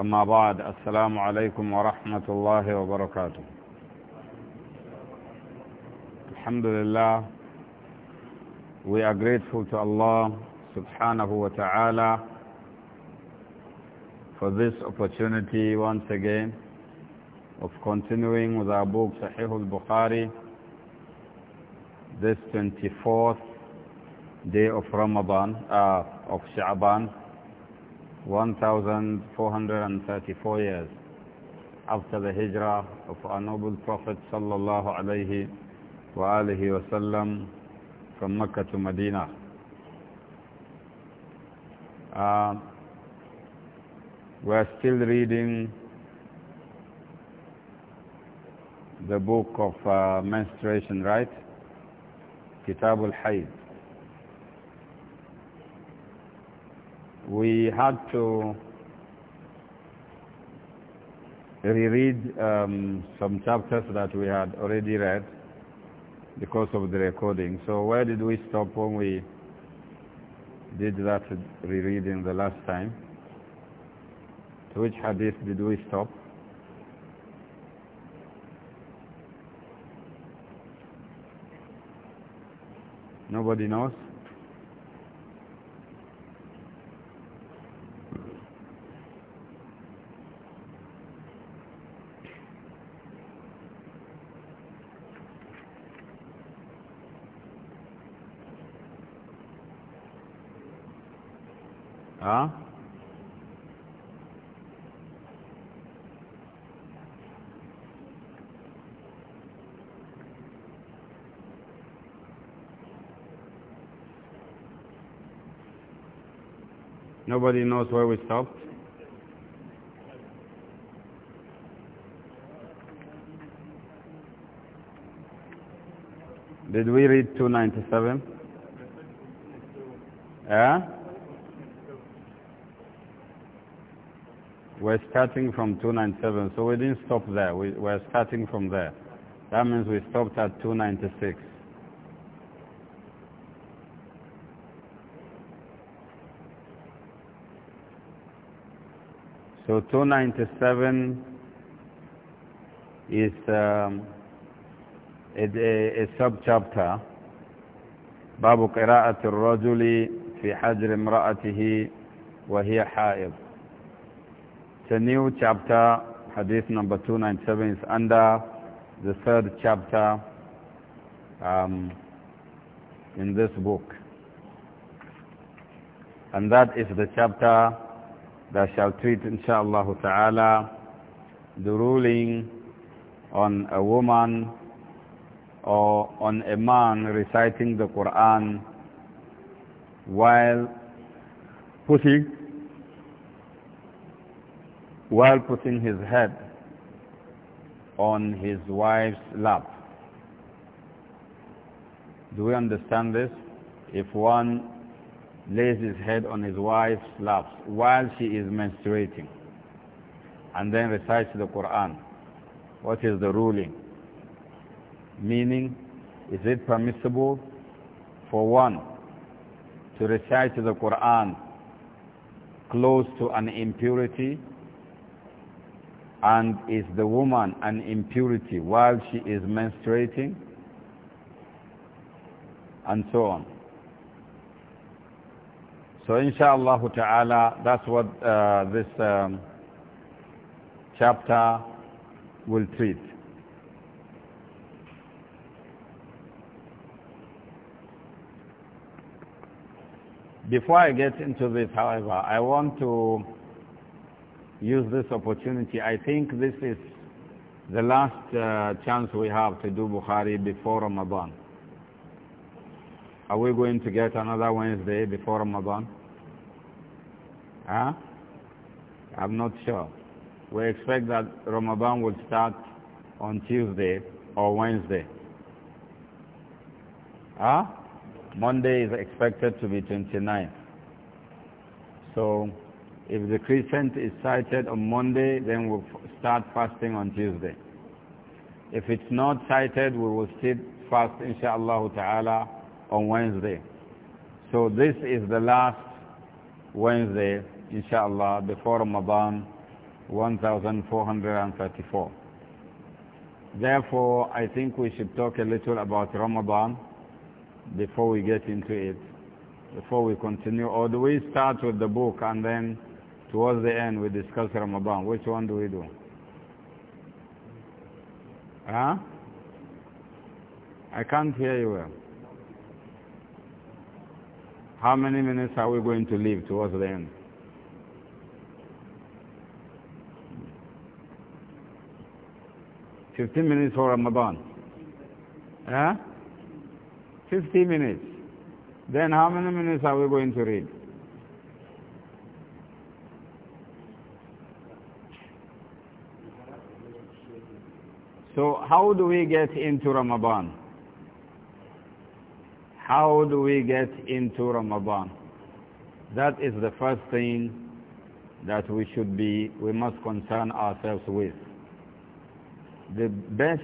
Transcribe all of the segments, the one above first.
أما بعد السلام عليكم ورحمة الله وبركاته الحمد لله we are grateful to Allah subhanahu wa ta'ala for this opportunity once again of continuing with our book Sahih al-Bukhari this 24th day of Ramadan uh, of Sha'ban 1434 years after the hijrah of our noble Prophet sallallahu alayhi wa alihi wasallam from Mecca to Medina. Uh, we are still reading the book of uh, menstruation, right? Kitab al-Hayd. we had to reread um, some chapters that we had already read because of the recording. So where did we stop when we did that rereading the last time? To which hadith did we stop? Nobody knows? Nobody knows where we stopped. Did we read 297? Yeah? We're starting from 297, so we didn't stop there. We, we're starting from there. That means we stopped at 296. So 297 is um, a, a, a sub-chapter. باب قراءة الرجل في حجر امرأته وهي حائض the new chapter, hadith number 297, is under the third chapter um, in this book. And that is the chapter that shall treat, inshallah ta'ala, the ruling on a woman or on a man reciting the Quran while putting while putting his head on his wife's lap. Do we understand this? If one lays his head on his wife's lap while she is menstruating and then recites the Quran, what is the ruling? Meaning, is it permissible for one to recite the Quran close to an impurity and is the woman an impurity while she is menstruating? And so on. So inshallah ta'ala, that's what uh, this um, chapter will treat. Before I get into this, however, I want to use this opportunity. I think this is the last uh, chance we have to do Bukhari before Ramadan. Are we going to get another Wednesday before Ramadan? Huh? I'm not sure. We expect that Ramadan will start on Tuesday or Wednesday. Huh? Monday is expected to be 29. So if the crescent is sighted on Monday, then we'll start fasting on Tuesday. If it's not sighted, we will still fast, inshallah ta'ala, on Wednesday. So this is the last Wednesday, inshallah, before Ramadan 1434. Therefore, I think we should talk a little about Ramadan before we get into it, before we continue. Or do we start with the book and then towards the end we discuss Ramadan. Which one do we do? Huh? I can't hear you well. How many minutes are we going to leave towards the end? Fifteen minutes for Ramadan. Huh? Fifteen minutes. Then how many minutes are we going to read? So how do we get into Ramadan? How do we get into Ramadan? That is the first thing that we should be, we must concern ourselves with. The best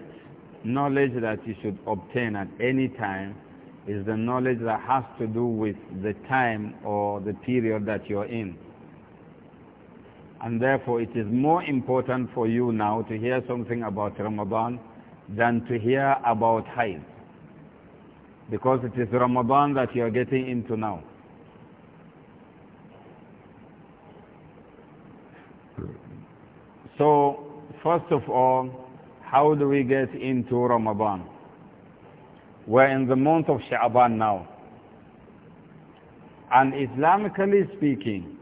knowledge that you should obtain at any time is the knowledge that has to do with the time or the period that you're in. And therefore, it is more important for you now to hear something about Ramadan than to hear about Hayd. Because it is Ramadan that you are getting into now. So, first of all, how do we get into Ramadan? We're in the month of Sha'ban now. And Islamically speaking,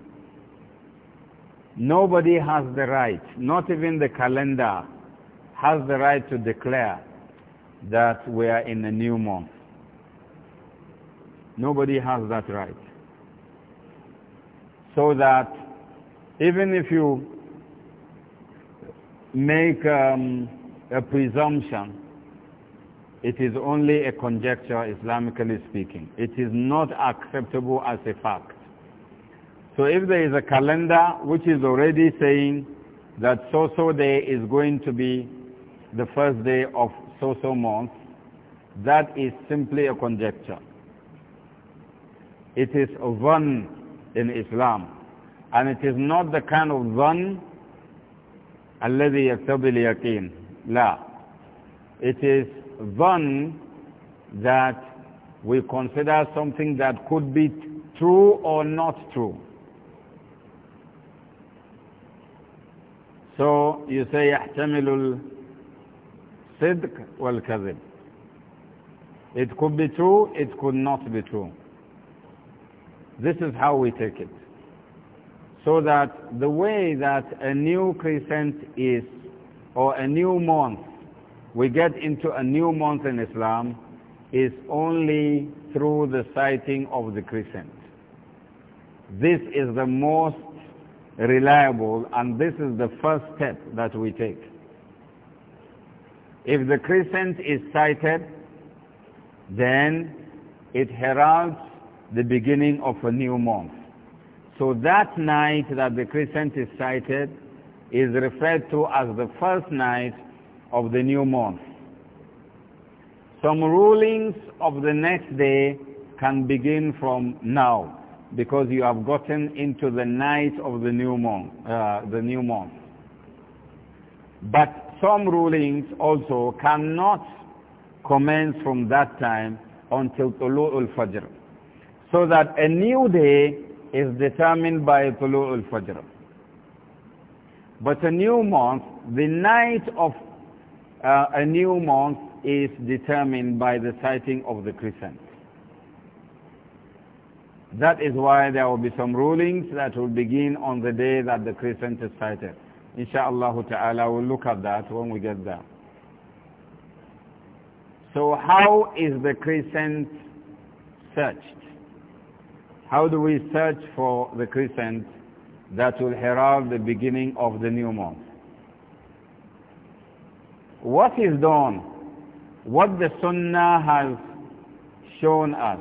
Nobody has the right, not even the calendar, has the right to declare that we are in a new month. Nobody has that right. So that even if you make um, a presumption, it is only a conjecture, Islamically speaking. It is not acceptable as a fact. So if there is a calendar which is already saying that so-so day is going to be the first day of so-so month, that is simply a conjecture. It is a dhan in Islam. And it is not the kind of dhan الذي يقتضي اليقين. لا. It is dhan that we consider something that could be true or not true. So you say يحتمل الصدق والكذب. It could be true, it could not be true. This is how we take it. So that the way that a new crescent is, or a new month, we get into a new month in Islam, is only through the sighting of the crescent. This is the most reliable, and this is the first step that we take. If the crescent is sighted, then it heralds the beginning of a new month. So that night that the crescent is sighted is referred to as the first night of the new month. Some rulings of the next day can begin from now because you have gotten into the night of the new month. Uh, the new month. But some rulings also cannot commence from that time until Tulu al-Fajr. So that a new day is determined by Tulu al-Fajr. But a new month, the night of uh, a new month is determined by the sighting of the crescent. That is why there will be some rulings that will begin on the day that the crescent is sighted. Insha'Allah ta'ala, we'll look at that when we get there. So how is the crescent searched? How do we search for the crescent that will herald the beginning of the new month? What is done? What the Sunnah has shown us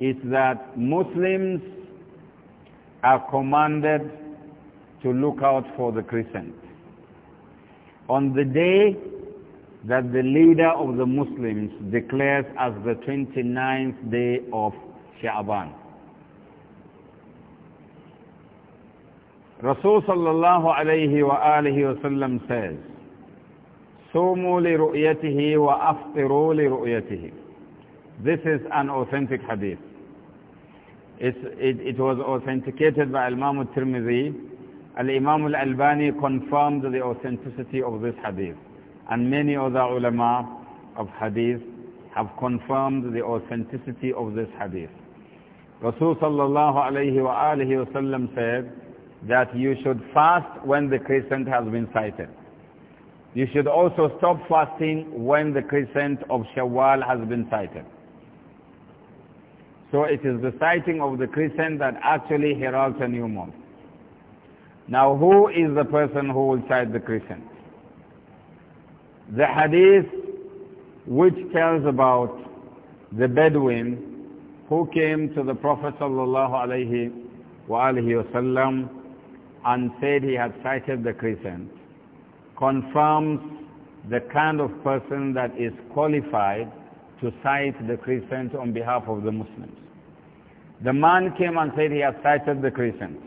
is that Muslims are commanded to look out for the crescent. On the day that the leader of the Muslims declares as the 29th day of Sha'ban. Rasul sallallahu alayhi wa alihi wa says, صوموا This is an authentic hadith. It, it, it, was authenticated by Imam al-Tirmidhi. Al-Imam al-Albani confirmed the authenticity of this hadith. And many other ulama of hadith have confirmed the authenticity of this hadith. Rasul sallallahu alayhi wa alihi said that you should fast when the crescent has been sighted. You should also stop fasting when the crescent of Shawwal has been sighted. So it is the sighting of the crescent that actually heralds a new month. Now who is the person who will sight the crescent? The hadith which tells about the Bedouin who came to the Prophet sallallahu and said he had sighted the crescent confirms the kind of person that is qualified to sight the crescent on behalf of the Muslims. The man came and said he had sighted the crescent.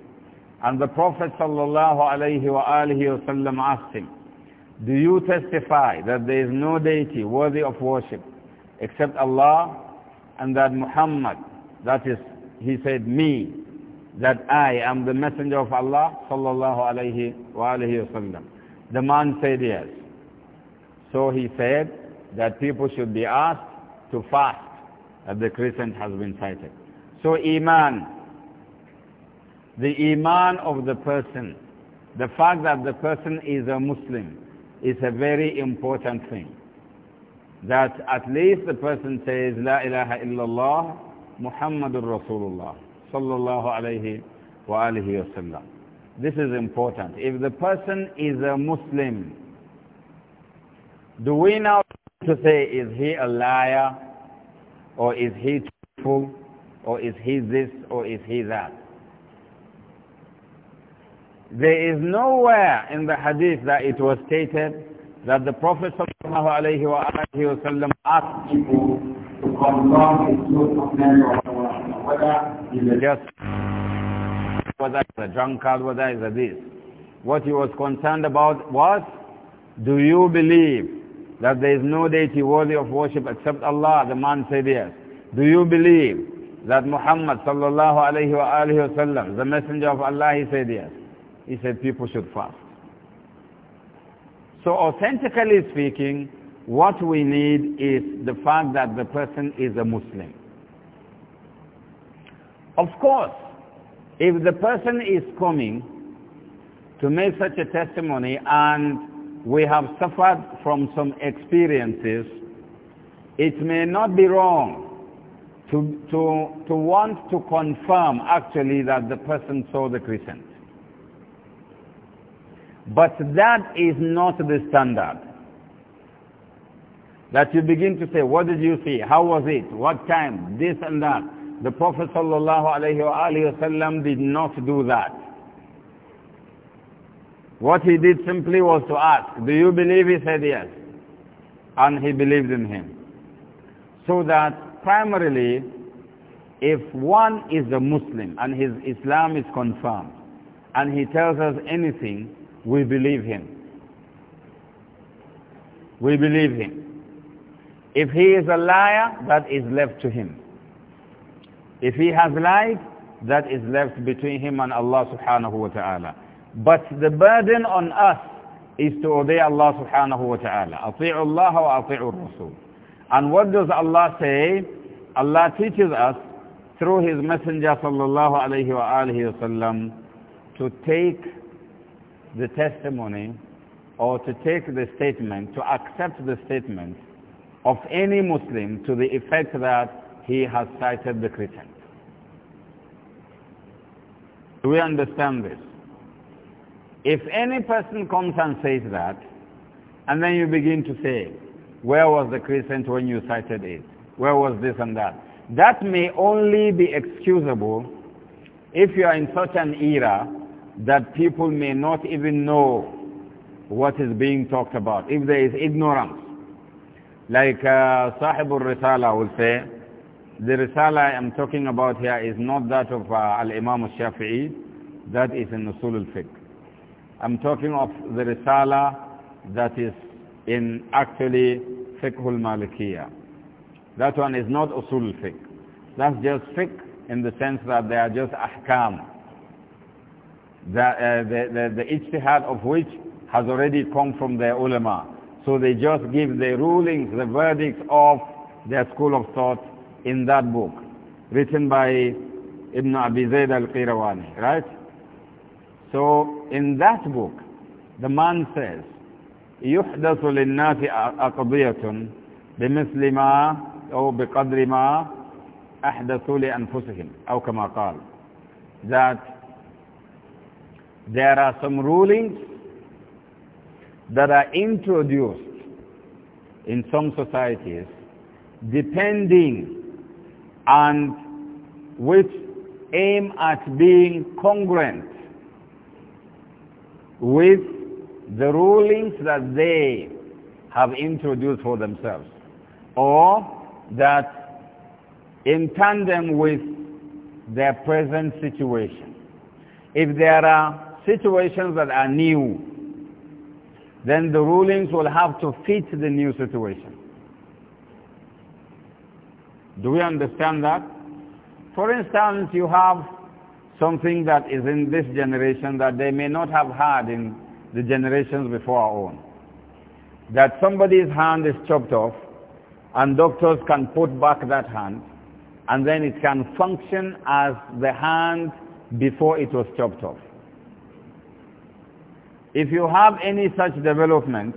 And the Prophet sallallahu asked him, Do you testify that there is no deity worthy of worship except Allah and that Muhammad, that is, he said, me, that I am the messenger of Allah sallallahu alayhi wa The man said yes. So he said that people should be asked to fast that the crescent has been sighted. So Iman, the Iman of the person, the fact that the person is a Muslim is a very important thing. That at least the person says, La ilaha illallah, Muhammadur Rasulullah, sallallahu alayhi wa alihi wasallam. This is important. If the person is a Muslim, do we now to say, is he a liar or is he truthful? or is he this or is he that. There is nowhere in the hadith that it was stated that the Prophet ﷺ asked people to confirm the truth of memory whether just, whether he's a drunkard, whether he's a this. What he was concerned about was, do you believe that there is no deity worthy of worship except Allah? The man said yes. Do you believe that Muhammad sallallahu alayhi wa alayhi wasallam, the messenger of Allah, he said yes. He said people should fast. So authentically speaking, what we need is the fact that the person is a Muslim. Of course, if the person is coming to make such a testimony and we have suffered from some experiences, it may not be wrong to, to, to want to confirm actually that the person saw the crescent. But that is not the standard. That you begin to say, what did you see? How was it? What time? This and that. The Prophet sallallahu sallam did not do that. What he did simply was to ask, do you believe? He said yes. And he believed in him. So that primarily, if one is a Muslim and his Islam is confirmed, and he tells us anything, we believe him. We believe him. If he is a liar, that is left to him. If he has lied, that is left between him and Allah subhanahu wa ta'ala. But the burden on us is to obey Allah subhanahu wa ta'ala. أطيعوا الله وأطيعوا Rasul. And what does Allah say? Allah teaches us through His Messenger sallallahu alayhi wa alayhi wasallam to take the testimony or to take the statement, to accept the statement of any Muslim to the effect that he has cited the Christian. Do we understand this? If any person comes and says that, and then you begin to say, where was the crescent when you cited it? Where was this and that? That may only be excusable if you are in such an era that people may not even know what is being talked about, if there is ignorance. Like uh, Sahib al-Risala will say, the Risala I'm talking about here is not that of uh, Al-Imam al-Shafi'i, that is in Usul al-Fiqh. I'm talking of the Risala that is in actually fiqhul malikiyah. That one is not usul fiqh. That's just fiqh in the sense that they are just ahkam. The, uh, the, the, the ijtihad of which has already come from their ulama. So they just give the rulings, the verdicts of their school of thought in that book, written by Ibn Abi Zayd al-Qirawani, right? So in that book, the man says, يحدث للناس أقضية بمثل ما أو بقدر ما أحدثوا لأنفسهم أو كما قال that there are some rulings that are introduced in some societies depending and which aim at being congruent with the rulings that they have introduced for themselves or that in tandem with their present situation. If there are situations that are new, then the rulings will have to fit the new situation. Do we understand that? For instance, you have something that is in this generation that they may not have had in the generations before our own. That somebody's hand is chopped off and doctors can put back that hand and then it can function as the hand before it was chopped off. If you have any such development,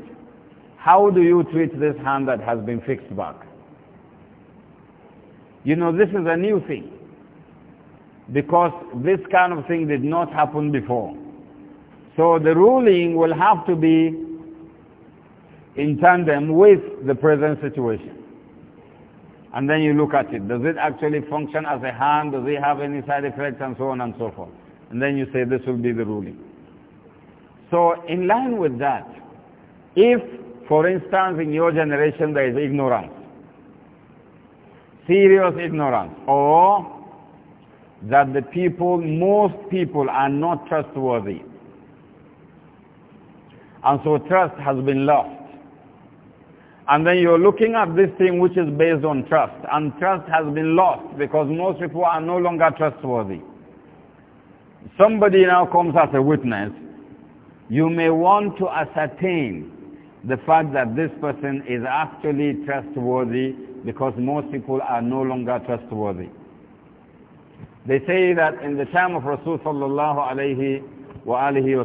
how do you treat this hand that has been fixed back? You know, this is a new thing because this kind of thing did not happen before. So the ruling will have to be in tandem with the present situation. And then you look at it. Does it actually function as a hand? Does it have any side effects and so on and so forth? And then you say this will be the ruling. So in line with that, if, for instance, in your generation there is ignorance, serious ignorance, or that the people, most people are not trustworthy, and so trust has been lost. And then you're looking at this thing which is based on trust. And trust has been lost because most people are no longer trustworthy. Somebody now comes as a witness. You may want to ascertain the fact that this person is actually trustworthy because most people are no longer trustworthy. They say that in the time of Rasulullah sallallahu alayhi wa alihi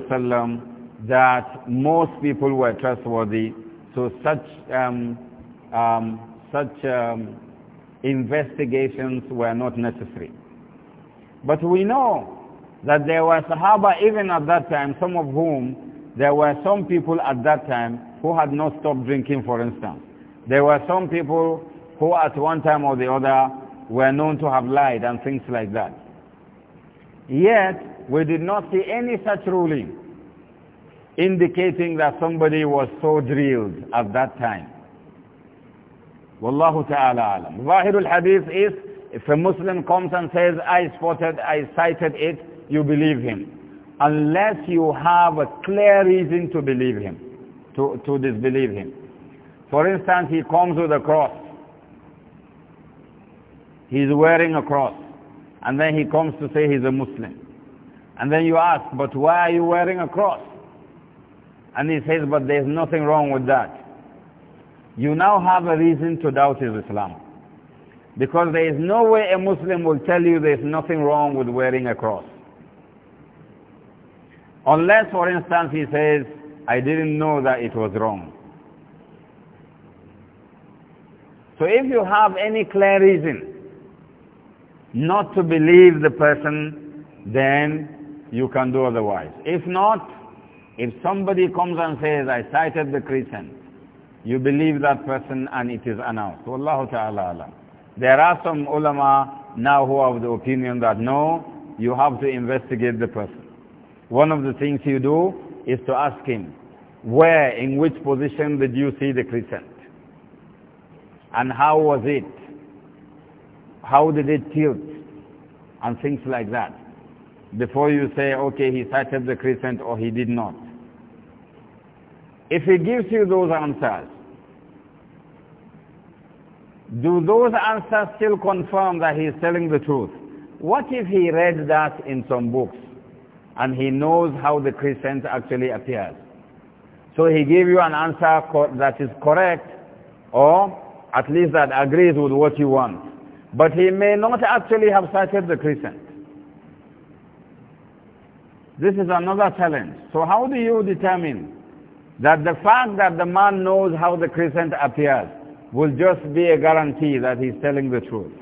that most people were trustworthy, so such, um, um, such um, investigations were not necessary. But we know that there were Sahaba even at that time, some of whom there were some people at that time who had not stopped drinking, for instance. There were some people who at one time or the other were known to have lied and things like that. Yet, we did not see any such ruling indicating that somebody was so drilled at that time. Wallahu ta'ala alam. Zahirul hadith is, if a Muslim comes and says, I spotted, I cited it, you believe him. Unless you have a clear reason to believe him, to, to disbelieve him. For instance, he comes with a cross. He's wearing a cross. And then he comes to say he's a Muslim. And then you ask, but why are you wearing a cross? And he says, but there is nothing wrong with that. You now have a reason to doubt his Islam. Because there is no way a Muslim will tell you there is nothing wrong with wearing a cross. Unless, for instance, he says, I didn't know that it was wrong. So if you have any clear reason not to believe the person, then you can do otherwise. If not, if somebody comes and says, I cited the crescent, you believe that person and it is announced. Wallahu ta'ala alam. There are some ulama now who are of the opinion that no, you have to investigate the person. One of the things you do is to ask him, where, in which position did you see the crescent? And how was it? How did it tilt? And things like that. Before you say, okay, he sighted the crescent or he did not. If he gives you those answers, do those answers still confirm that he is telling the truth? What if he read that in some books and he knows how the crescent actually appears? So he gave you an answer that is correct or at least that agrees with what you want. But he may not actually have cited the crescent. This is another challenge. So how do you determine that the fact that the man knows how the crescent appears will just be a guarantee that he's telling the truth.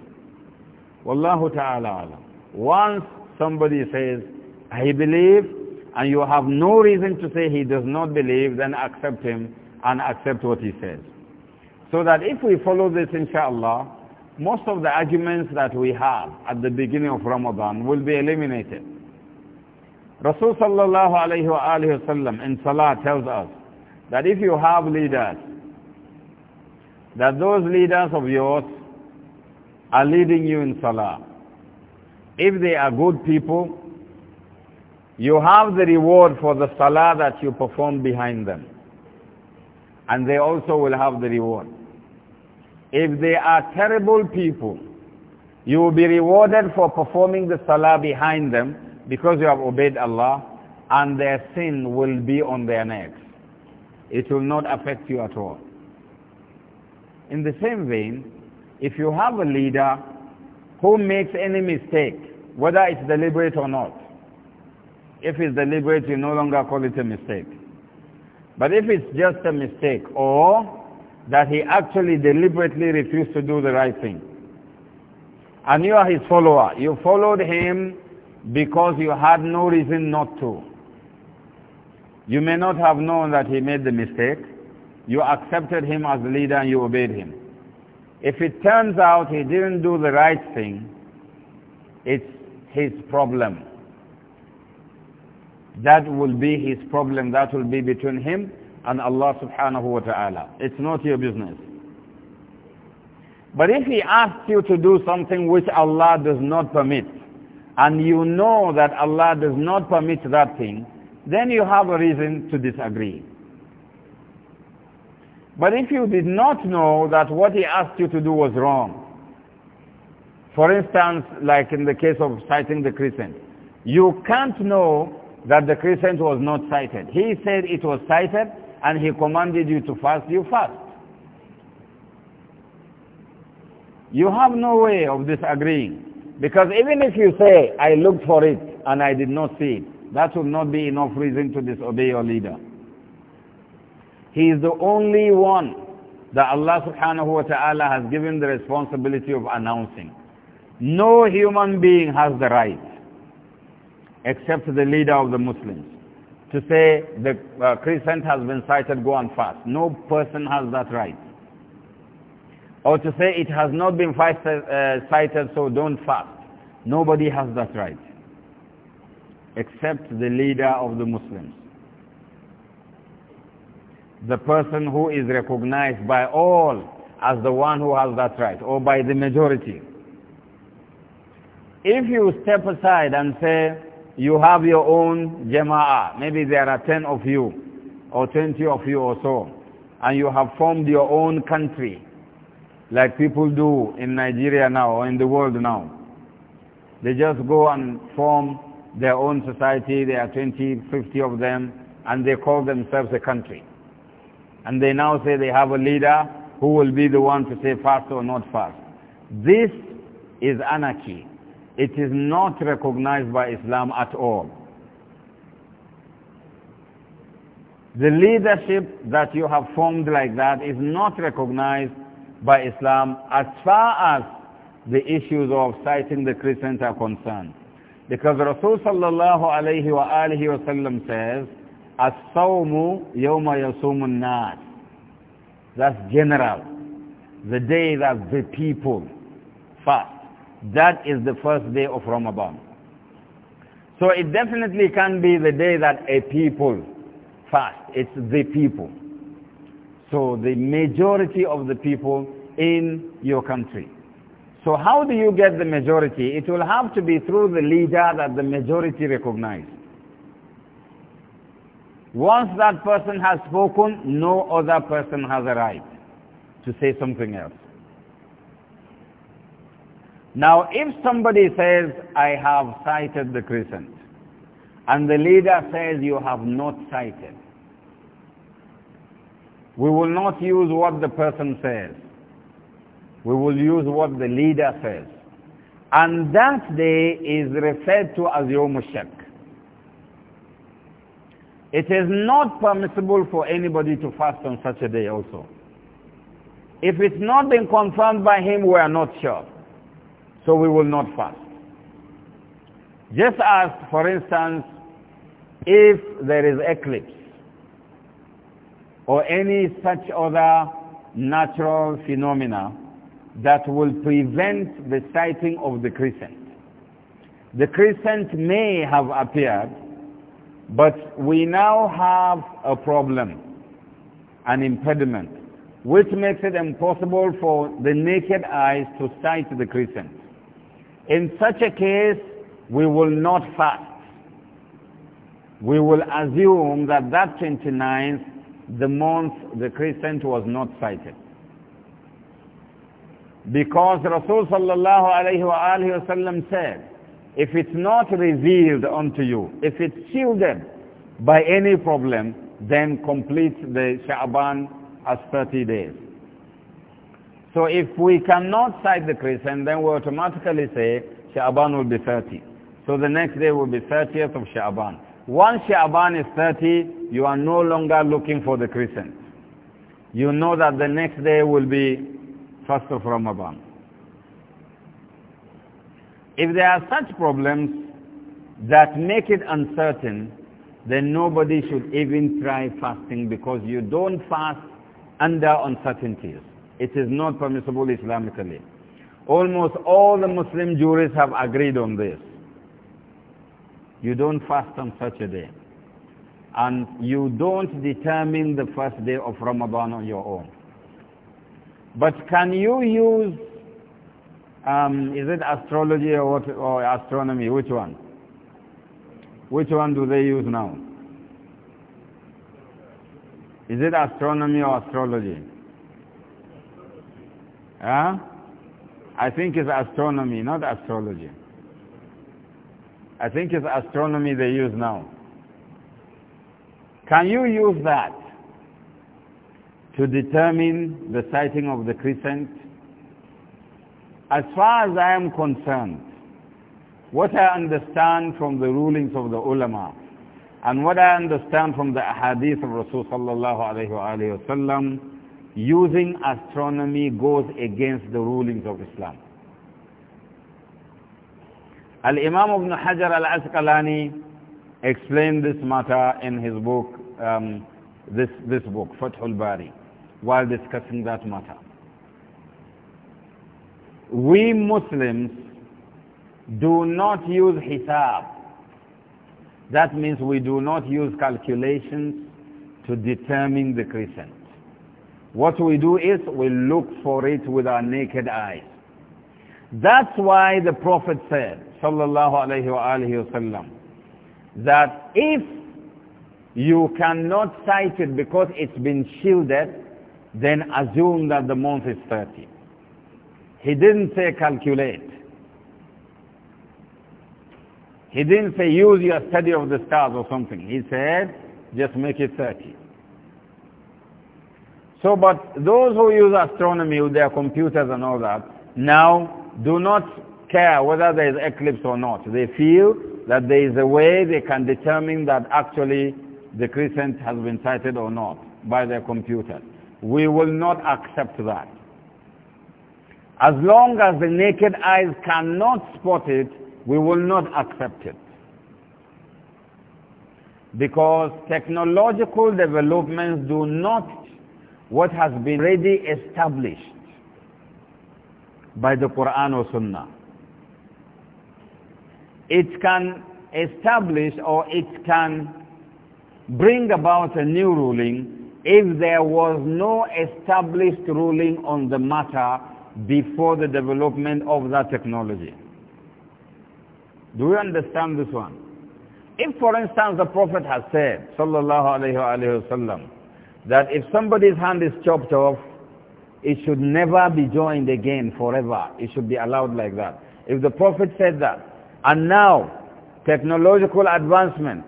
Wallahu ta'ala alam. Once somebody says, I believe, and you have no reason to say he does not believe, then accept him and accept what he says. So that if we follow this, inshallah, most of the arguments that we have at the beginning of Ramadan will be eliminated. Rasulullah sallallahu alayhi wa sallam in salah tells us, that if you have leaders, that those leaders of yours are leading you in Salah. If they are good people, you have the reward for the Salah that you perform behind them. And they also will have the reward. If they are terrible people, you will be rewarded for performing the Salah behind them because you have obeyed Allah and their sin will be on their necks. It will not affect you at all. In the same vein, if you have a leader who makes any mistake, whether it's deliberate or not, if it's deliberate, you no longer call it a mistake. But if it's just a mistake or that he actually deliberately refused to do the right thing, and you are his follower, you followed him because you had no reason not to. You may not have known that he made the mistake. You accepted him as the leader and you obeyed him. If it turns out he didn't do the right thing, it's his problem. That will be his problem. That will be between him and Allah subhanahu wa ta'ala. It's not your business. But if he asks you to do something which Allah does not permit, and you know that Allah does not permit that thing, then you have a reason to disagree. But if you did not know that what he asked you to do was wrong, for instance, like in the case of sighting the crescent, you can't know that the crescent was not sighted. He said it was sighted and he commanded you to fast, you fast. You have no way of disagreeing. Because even if you say, I looked for it and I did not see it, that will not be enough reason to disobey your leader. He is the only one that Allah subhanahu wa ta'ala has given the responsibility of announcing. No human being has the right, except the leader of the Muslims, to say the uh, crescent has been sighted, go and fast. No person has that right. Or to say it has not been sighted, uh, sighted so don't fast. Nobody has that right except the leader of the Muslims. The person who is recognized by all as the one who has that right, or by the majority. If you step aside and say, you have your own jama'ah, maybe there are 10 of you, or 20 of you or so, and you have formed your own country, like people do in Nigeria now, or in the world now. They just go and form their own society, there are 20, 50 of them, and they call themselves a country. And they now say they have a leader who will be the one to say fast or not fast. This is anarchy. It is not recognized by Islam at all. The leadership that you have formed like that is not recognized by Islam as far as the issues of citing the Christians are concerned. Because Rasul sallallahu alayhi wa alihi wa sallam says, As-sawmu yawma yasumun nas. That's general. The day that the people fast. That is the first day of Ramadan. So it definitely can be the day that a people fast. It's the people. So the majority of the people in your country. So how do you get the majority? It will have to be through the leader that the majority recognize. Once that person has spoken, no other person has a right to say something else. Now, if somebody says, I have sighted the crescent, and the leader says, you have not sighted, we will not use what the person says. We will use what the leader says. And that day is referred to as Yom Shak. It is not permissible for anybody to fast on such a day also. If it's not been confirmed by him, we are not sure. So we will not fast. Just as, for instance, if there is eclipse or any such other natural phenomena, that will prevent the sighting of the crescent. The crescent may have appeared, but we now have a problem, an impediment, which makes it impossible for the naked eyes to sight the crescent. In such a case, we will not fast. We will assume that that 29th, the month the crescent was not sighted. Because Rasulullah sallallahu said, if it's not revealed unto you, if it's shielded by any problem, then complete the Sha'ban as 30 days. So if we cannot cite the Christian, then we automatically say Sha'ban will be 30. So the next day will be 30th of Sha'ban. Once Sha'ban is 30, you are no longer looking for the Christian. You know that the next day will be first of Ramadan. If there are such problems that make it uncertain, then nobody should even try fasting because you don't fast under uncertainties. It is not permissible Islamically. Almost all the Muslim jurists have agreed on this. You don't fast on such a day. And you don't determine the first day of Ramadan on your own. But can you use, um, is it astrology or, what, or astronomy? Which one? Which one do they use now? Is it astronomy or astrology? Huh? I think it's astronomy, not astrology. I think it's astronomy they use now. Can you use that? to determine the sighting of the crescent. As far as I am concerned, what I understand from the rulings of the ulama and what I understand from the hadith of Rasulullah sallallahu alayhi using astronomy goes against the rulings of Islam. Al-Imam ibn Hajar al-Asqalani explained this matter in his book, um, this, this book, Fathul Bari while discussing that matter. We Muslims do not use hisab. That means we do not use calculations to determine the crescent. What we do is we look for it with our naked eyes. That's why the Prophet said, sallallahu alayhi wasallam, that if you cannot cite it because it's been shielded, then assume that the month is 30. He didn't say calculate. He didn't say use your study of the stars or something. He said just make it 30. So, but those who use astronomy with their computers and all that, now do not care whether there is eclipse or not. They feel that there is a way they can determine that actually the crescent has been sighted or not by their computer. We will not accept that. As long as the naked eyes cannot spot it, we will not accept it. Because technological developments do not what has been already established by the Quran or Sunnah. It can establish or it can bring about a new ruling if there was no established ruling on the matter before the development of that technology. Do we understand this one? If, for instance, the Prophet has said, sallallahu alayhi wasallam, that if somebody's hand is chopped off, it should never be joined again forever. It should be allowed like that. If the Prophet said that, and now technological advancement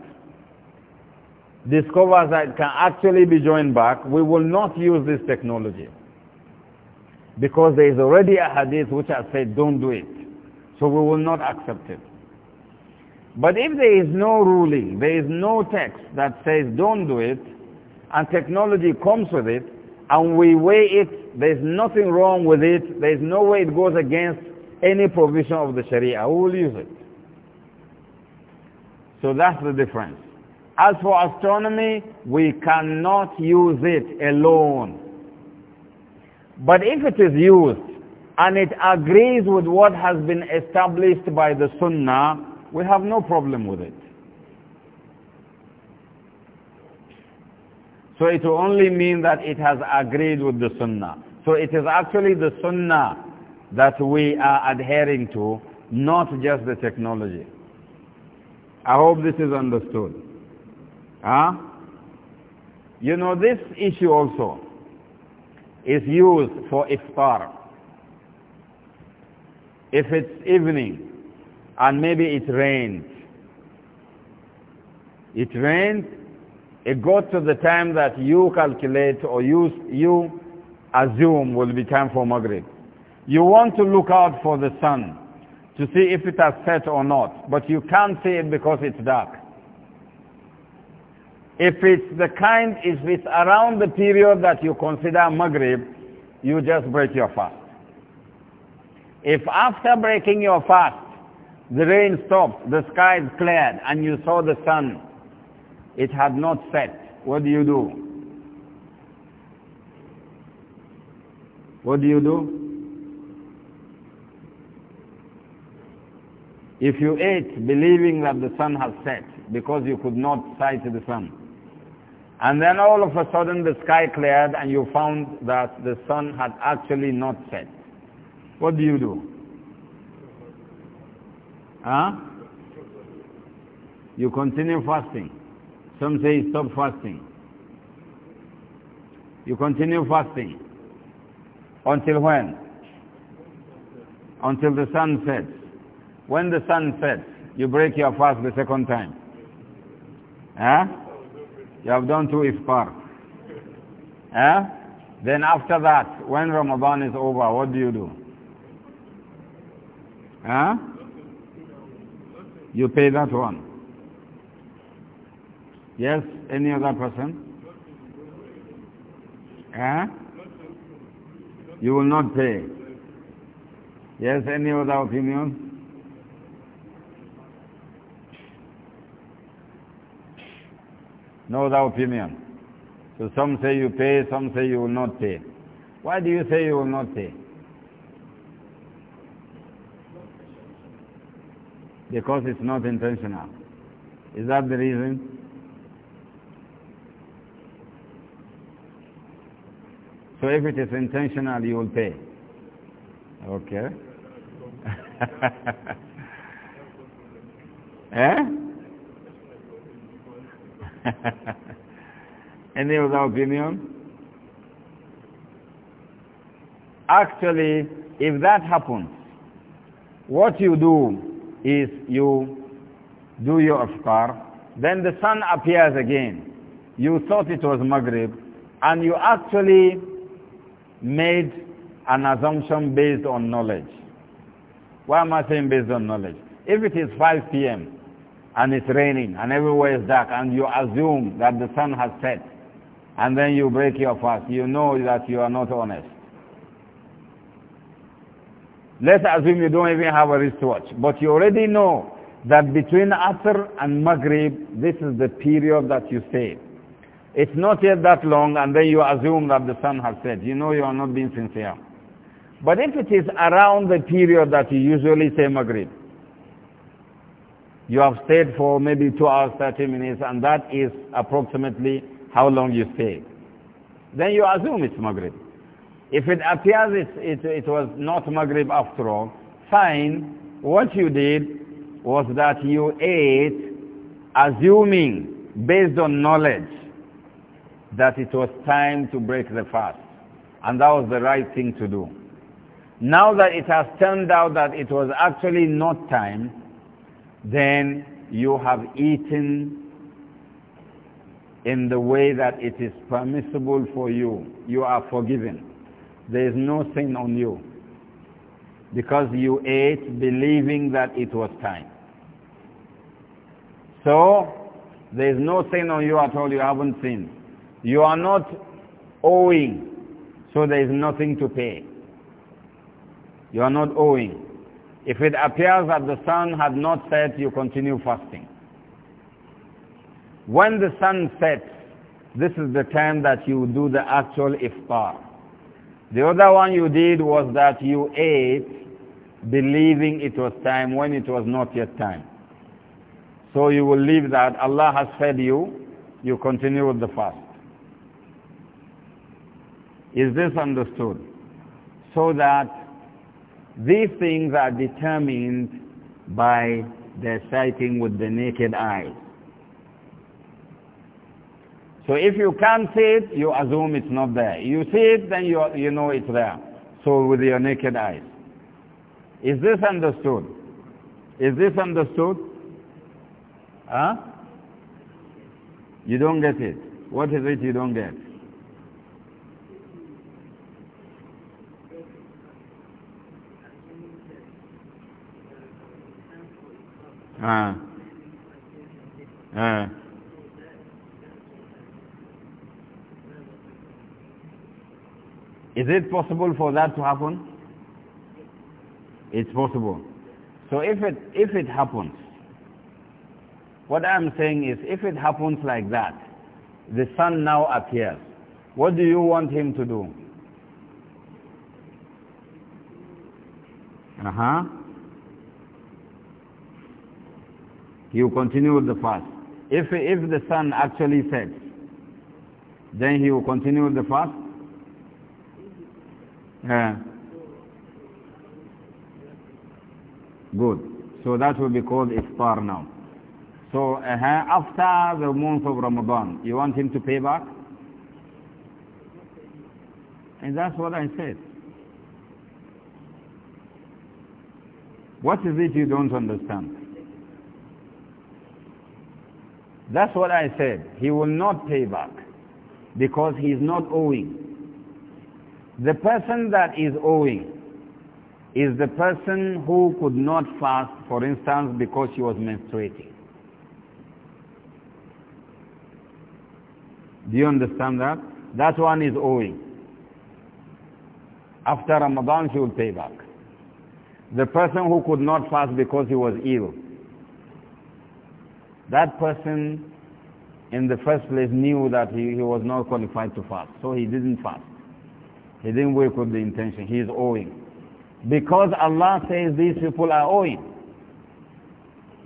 discovers that it can actually be joined back, we will not use this technology. Because there is already a hadith which has said, don't do it. So we will not accept it. But if there is no ruling, there is no text that says don't do it, and technology comes with it, and we weigh it, there's nothing wrong with it, there's no way it goes against any provision of the Sharia, we will use it. So that's the difference. As for astronomy, we cannot use it alone. But if it is used and it agrees with what has been established by the Sunnah, we have no problem with it. So it will only mean that it has agreed with the Sunnah. So it is actually the Sunnah that we are adhering to, not just the technology. I hope this is understood. Huh? You know, this issue also is used for iftar. If it's evening and maybe it rains, it rains, it goes to the time that you calculate or you, you assume will be time for Maghrib. You want to look out for the sun to see if it has set or not, but you can't see it because it's dark. If it's the kind, if it's around the period that you consider Maghrib, you just break your fast. If after breaking your fast, the rain stopped, the skies cleared, and you saw the sun, it had not set, what do you do? What do you do? If you ate believing that the sun has set, because you could not sight the sun, and then all of a sudden the sky cleared and you found that the sun had actually not set. What do you do? Huh? You continue fasting. Some say stop fasting. You continue fasting. Until when? Until the sun sets. When the sun sets, you break your fast the second time. Huh? You have done two iftar. Eh? Then after that, when Ramadan is over, what do you do? Eh? You pay that one. Yes, any other person? Eh? You will not pay. Yes, any other opinion? No other opinion. So some say you pay, some say you will not pay. Why do you say you will not pay? Because it's not intentional. Is that the reason? So if it is intentional, you will pay. Okay. eh? Any other opinion? Actually, if that happens, what you do is you do your afkar, then the sun appears again. You thought it was Maghrib, and you actually made an assumption based on knowledge. Why am I saying based on knowledge? If it is 5 p.m., and it's raining and everywhere is dark and you assume that the sun has set and then you break your fast, you know that you are not honest. Let's assume you don't even have a wristwatch, but you already know that between Asr and Maghrib, this is the period that you stay. It's not yet that long and then you assume that the sun has set. You know you are not being sincere. But if it is around the period that you usually say Maghrib, you have stayed for maybe 2 hours, 30 minutes, and that is approximately how long you stayed. Then you assume it's Maghrib. If it appears it, it, it was not Maghrib after all, fine. What you did was that you ate assuming, based on knowledge, that it was time to break the fast. And that was the right thing to do. Now that it has turned out that it was actually not time, then you have eaten in the way that it is permissible for you. You are forgiven. There is no sin on you. Because you ate believing that it was time. So, there is no sin on you at all. You haven't sinned. You are not owing. So there is nothing to pay. You are not owing. If it appears that the sun had not set, you continue fasting. When the sun sets, this is the time that you do the actual iftar. The other one you did was that you ate believing it was time when it was not yet time. So you will leave that. Allah has fed you. You continue with the fast. Is this understood? So that these things are determined by their sighting with the naked eye. So if you can't see it, you assume it's not there. You see it, then you, you know it's there. So with your naked eyes. Is this understood? Is this understood? Huh? You don't get it. What is it you don't get? Ah ah Is it possible for that to happen? It's possible. So if it, if it happens, what I'm saying is if it happens like that, the sun now appears. What do you want him to do? Uh-huh. He will continue with the fast. If, if the sun actually sets, then he will continue with the fast? Yeah. Good. So that will be called iftar now. So uh, after the month of Ramadan, you want him to pay back? And that's what I said. What is it you don't understand? That's what I said. He will not pay back because he is not owing. The person that is owing is the person who could not fast, for instance, because she was menstruating. Do you understand that? That one is owing. After Ramadan, she will pay back. The person who could not fast because he was ill, that person in the first place knew that he, he was not qualified to fast. So he didn't fast. He didn't work with the intention. He is owing. Because Allah says these people are owing.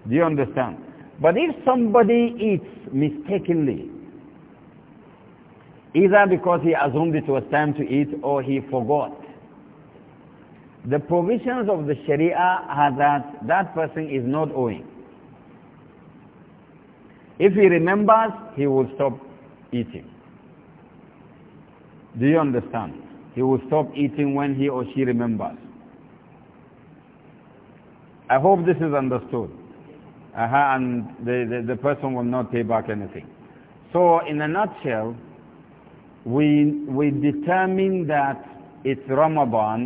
Do you understand? But if somebody eats mistakenly, either because he assumed it was time to eat or he forgot, the provisions of the Sharia are that that person is not owing. If he remembers, he will stop eating. Do you understand? He will stop eating when he or she remembers. I hope this is understood. Uh -huh, and the, the, the person will not pay back anything. So in a nutshell, we, we determine that it's Ramadan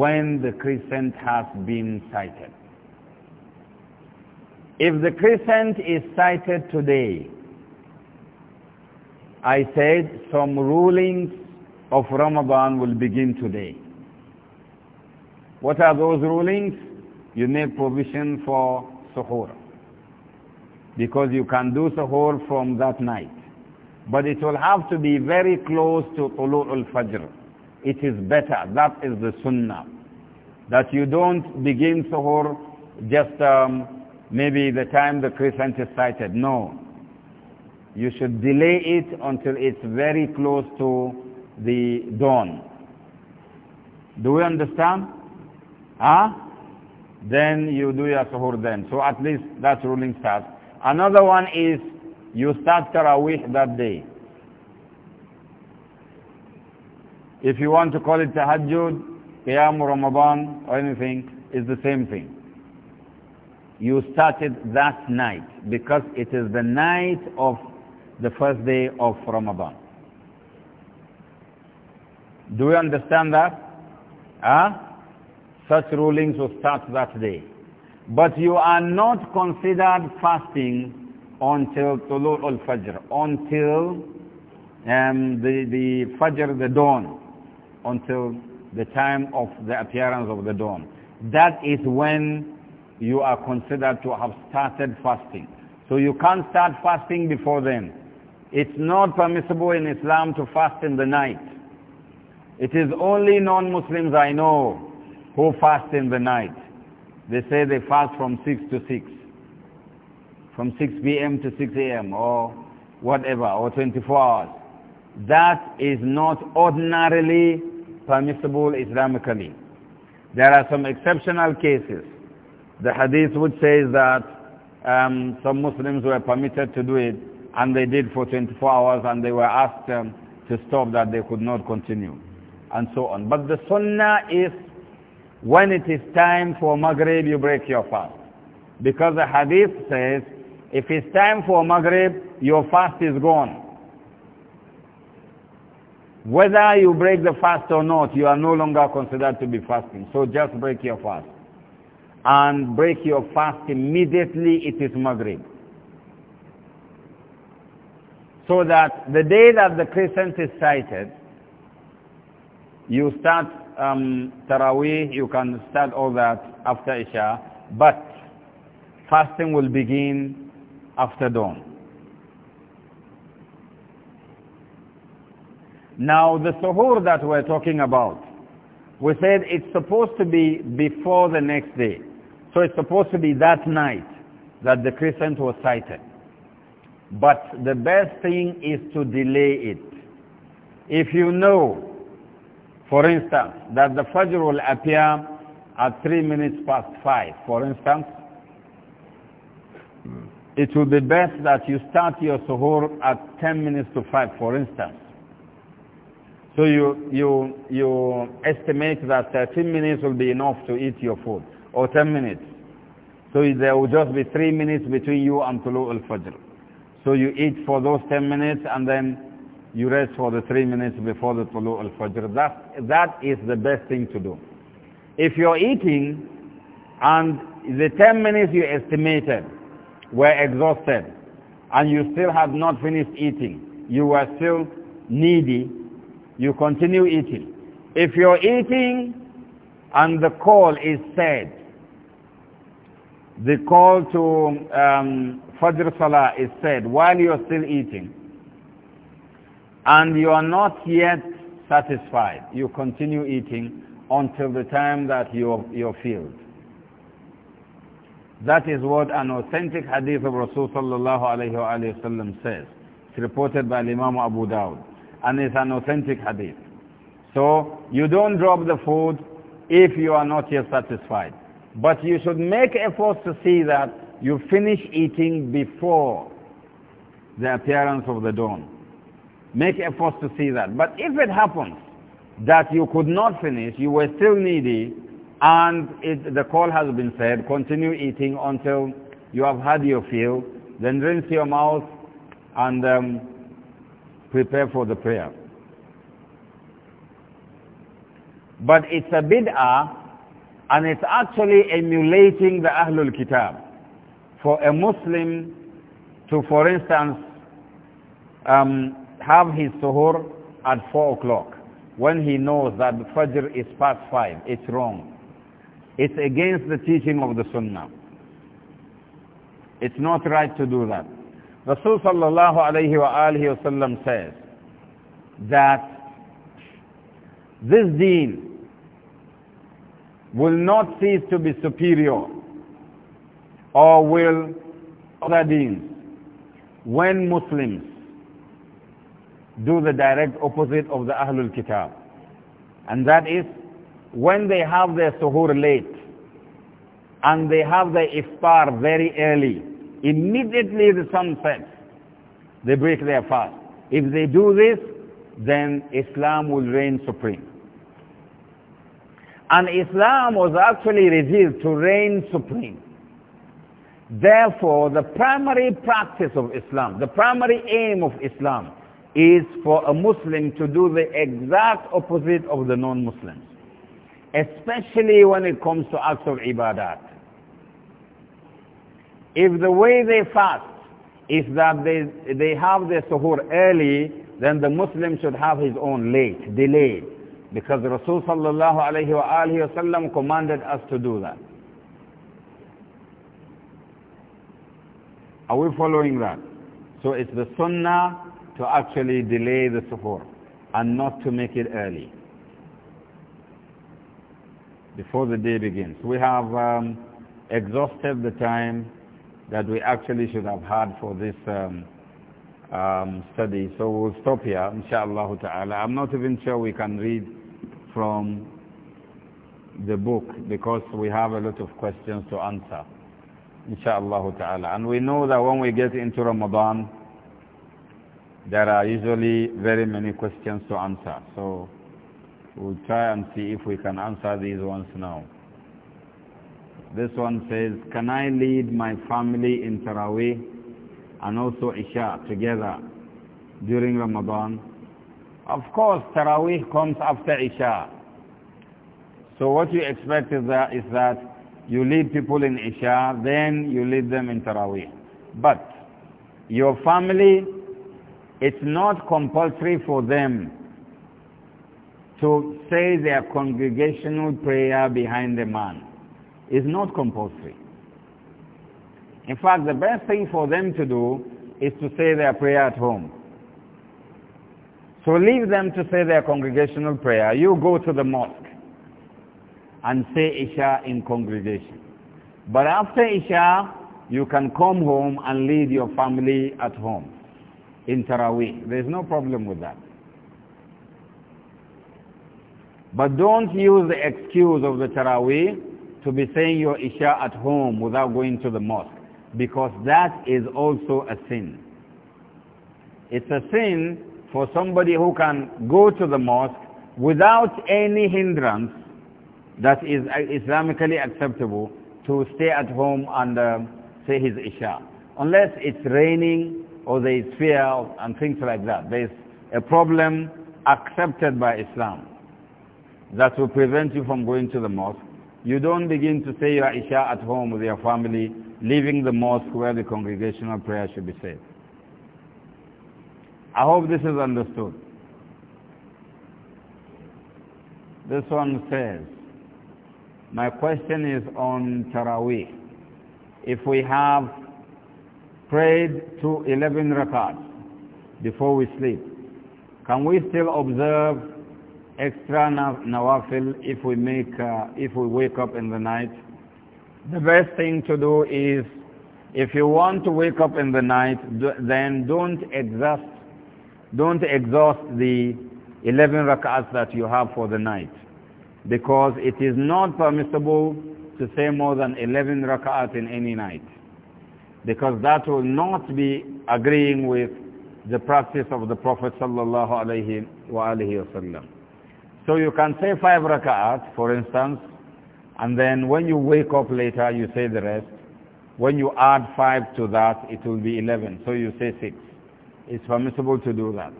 when the crescent has been sighted. If the crescent is sighted today, I said some rulings of Ramadan will begin today. What are those rulings? You make provision for suhoor. Because you can do suhoor from that night. But it will have to be very close to Tulu' al-Fajr. It is better. That is the sunnah. That you don't begin suhoor just um, maybe the time the crescent is sighted. No. You should delay it until it's very close to the dawn. Do we understand? Ah? Huh? Then you do your suhoor then. So at least that ruling starts. Another one is you start Taraweeh that day. If you want to call it Tahajjud, Qiyam, Ramadan or anything, it's the same thing you started that night because it is the night of the first day of Ramadan. Do you understand that? Huh? Such rulings will start that day. But you are not considered fasting until Tulul al-Fajr, until um, the, the Fajr, the dawn, until the time of the appearance of the dawn. That is when you are considered to have started fasting. So you can't start fasting before then. It's not permissible in Islam to fast in the night. It is only non-Muslims I know who fast in the night. They say they fast from 6 to 6, from 6 p.m. to 6 a.m. or whatever, or 24 hours. That is not ordinarily permissible Islamically. There are some exceptional cases the hadith would say that um, some Muslims were permitted to do it and they did for 24 hours and they were asked um, to stop that they could not continue and so on. But the sunnah is when it is time for Maghrib you break your fast. Because the hadith says if it's time for Maghrib your fast is gone. Whether you break the fast or not, you are no longer considered to be fasting. So just break your fast and break your fast immediately it is Maghrib. So that the day that the crescent is sighted, you start um, Taraweeh, you can start all that after Isha, but fasting will begin after dawn. Now the suhoor that we're talking about, we said it's supposed to be before the next day. So it's supposed to be that night that the crescent was sighted. But the best thing is to delay it. If you know, for instance, that the Fajr will appear at 3 minutes past 5, for instance, it will be best that you start your suhoor at 10 minutes to 5, for instance. So you, you, you estimate that 13 minutes will be enough to eat your food or 10 minutes. So there will just be 3 minutes between you and Tulu al-Fajr. So you eat for those 10 minutes and then you rest for the 3 minutes before the Tulu al-Fajr. That, that is the best thing to do. If you're eating and the 10 minutes you estimated were exhausted and you still have not finished eating, you were still needy, you continue eating. If you're eating and the call is said, the call to um, Fajr Salah is said while you are still eating and you are not yet satisfied, you continue eating until the time that you're, you're filled. That is what an authentic hadith of Rasulullah sallallahu says. It's reported by Imam Abu Dawud and it's an authentic hadith. So you don't drop the food if you are not yet satisfied. But you should make efforts to see that you finish eating before the appearance of the dawn. Make efforts to see that. But if it happens that you could not finish, you were still needy, and it, the call has been said, continue eating until you have had your fill, then rinse your mouth and um, prepare for the prayer. But it's a bid'ah and it's actually emulating the Ahlul Kitab. For a Muslim to, for instance, um, have his suhoor at 4 o'clock when he knows that Fajr is past 5. It's wrong. It's against the teaching of the Sunnah. It's not right to do that. Rasul sallallahu alayhi wa alihi wasallam says that this deen will not cease to be superior or will other deans when Muslims do the direct opposite of the Ahlul Kitab. And that is when they have their suhoor late and they have their iftar very early, immediately the sun sets, they break their fast. If they do this, then Islam will reign supreme. And Islam was actually revealed to reign supreme. Therefore, the primary practice of Islam, the primary aim of Islam is for a Muslim to do the exact opposite of the non-Muslims, especially when it comes to acts of ibadat. If the way they fast is that they, they have their suhoor early, then the Muslim should have his own late, delayed. Because Rasul sallallahu alayhi wa alayhi commanded us to do that. Are we following that? So it's the sunnah to actually delay the suhoor and not to make it early. Before the day begins. We have um, exhausted the time that we actually should have had for this um, um, study. So we'll stop here, inshallah ta'ala. I'm not even sure we can read from the book because we have a lot of questions to answer inshallah ta'ala and we know that when we get into Ramadan there are usually very many questions to answer so we'll try and see if we can answer these ones now this one says can I lead my family in Taraweeh and also Isha together during Ramadan of course, Taraweeh comes after Isha. So what you expect is that, is that you lead people in Isha, then you lead them in Taraweeh. But your family, it's not compulsory for them to say their congregational prayer behind the man. It's not compulsory. In fact, the best thing for them to do is to say their prayer at home. So leave them to say their congregational prayer. You go to the mosque and say Isha in congregation. But after Isha, you can come home and lead your family at home in Taraweeh. There's no problem with that. But don't use the excuse of the Taraweeh to be saying your Isha at home without going to the mosque. Because that is also a sin. It's a sin for somebody who can go to the mosque without any hindrance that is Islamically acceptable to stay at home and uh, say his Isha. Unless it's raining or there is fear and things like that. There is a problem accepted by Islam that will prevent you from going to the mosque. You don't begin to say your Isha at home with your family, leaving the mosque where the congregational prayer should be said. I hope this is understood. This one says, my question is on Taraweeh. If we have prayed to 11 rakats before we sleep, can we still observe extra nawafil if we make uh, if we wake up in the night the best thing to do is if you want to wake up in the night then don't exhaust don't exhaust the 11 rak'ahs that you have for the night. Because it is not permissible to say more than 11 rak'ahs in any night. Because that will not be agreeing with the practice of the Prophet sallallahu alaihi wasallam. So you can say five rak'ahs, for instance, and then when you wake up later, you say the rest. When you add five to that, it will be 11. So you say six. It's permissible to do that.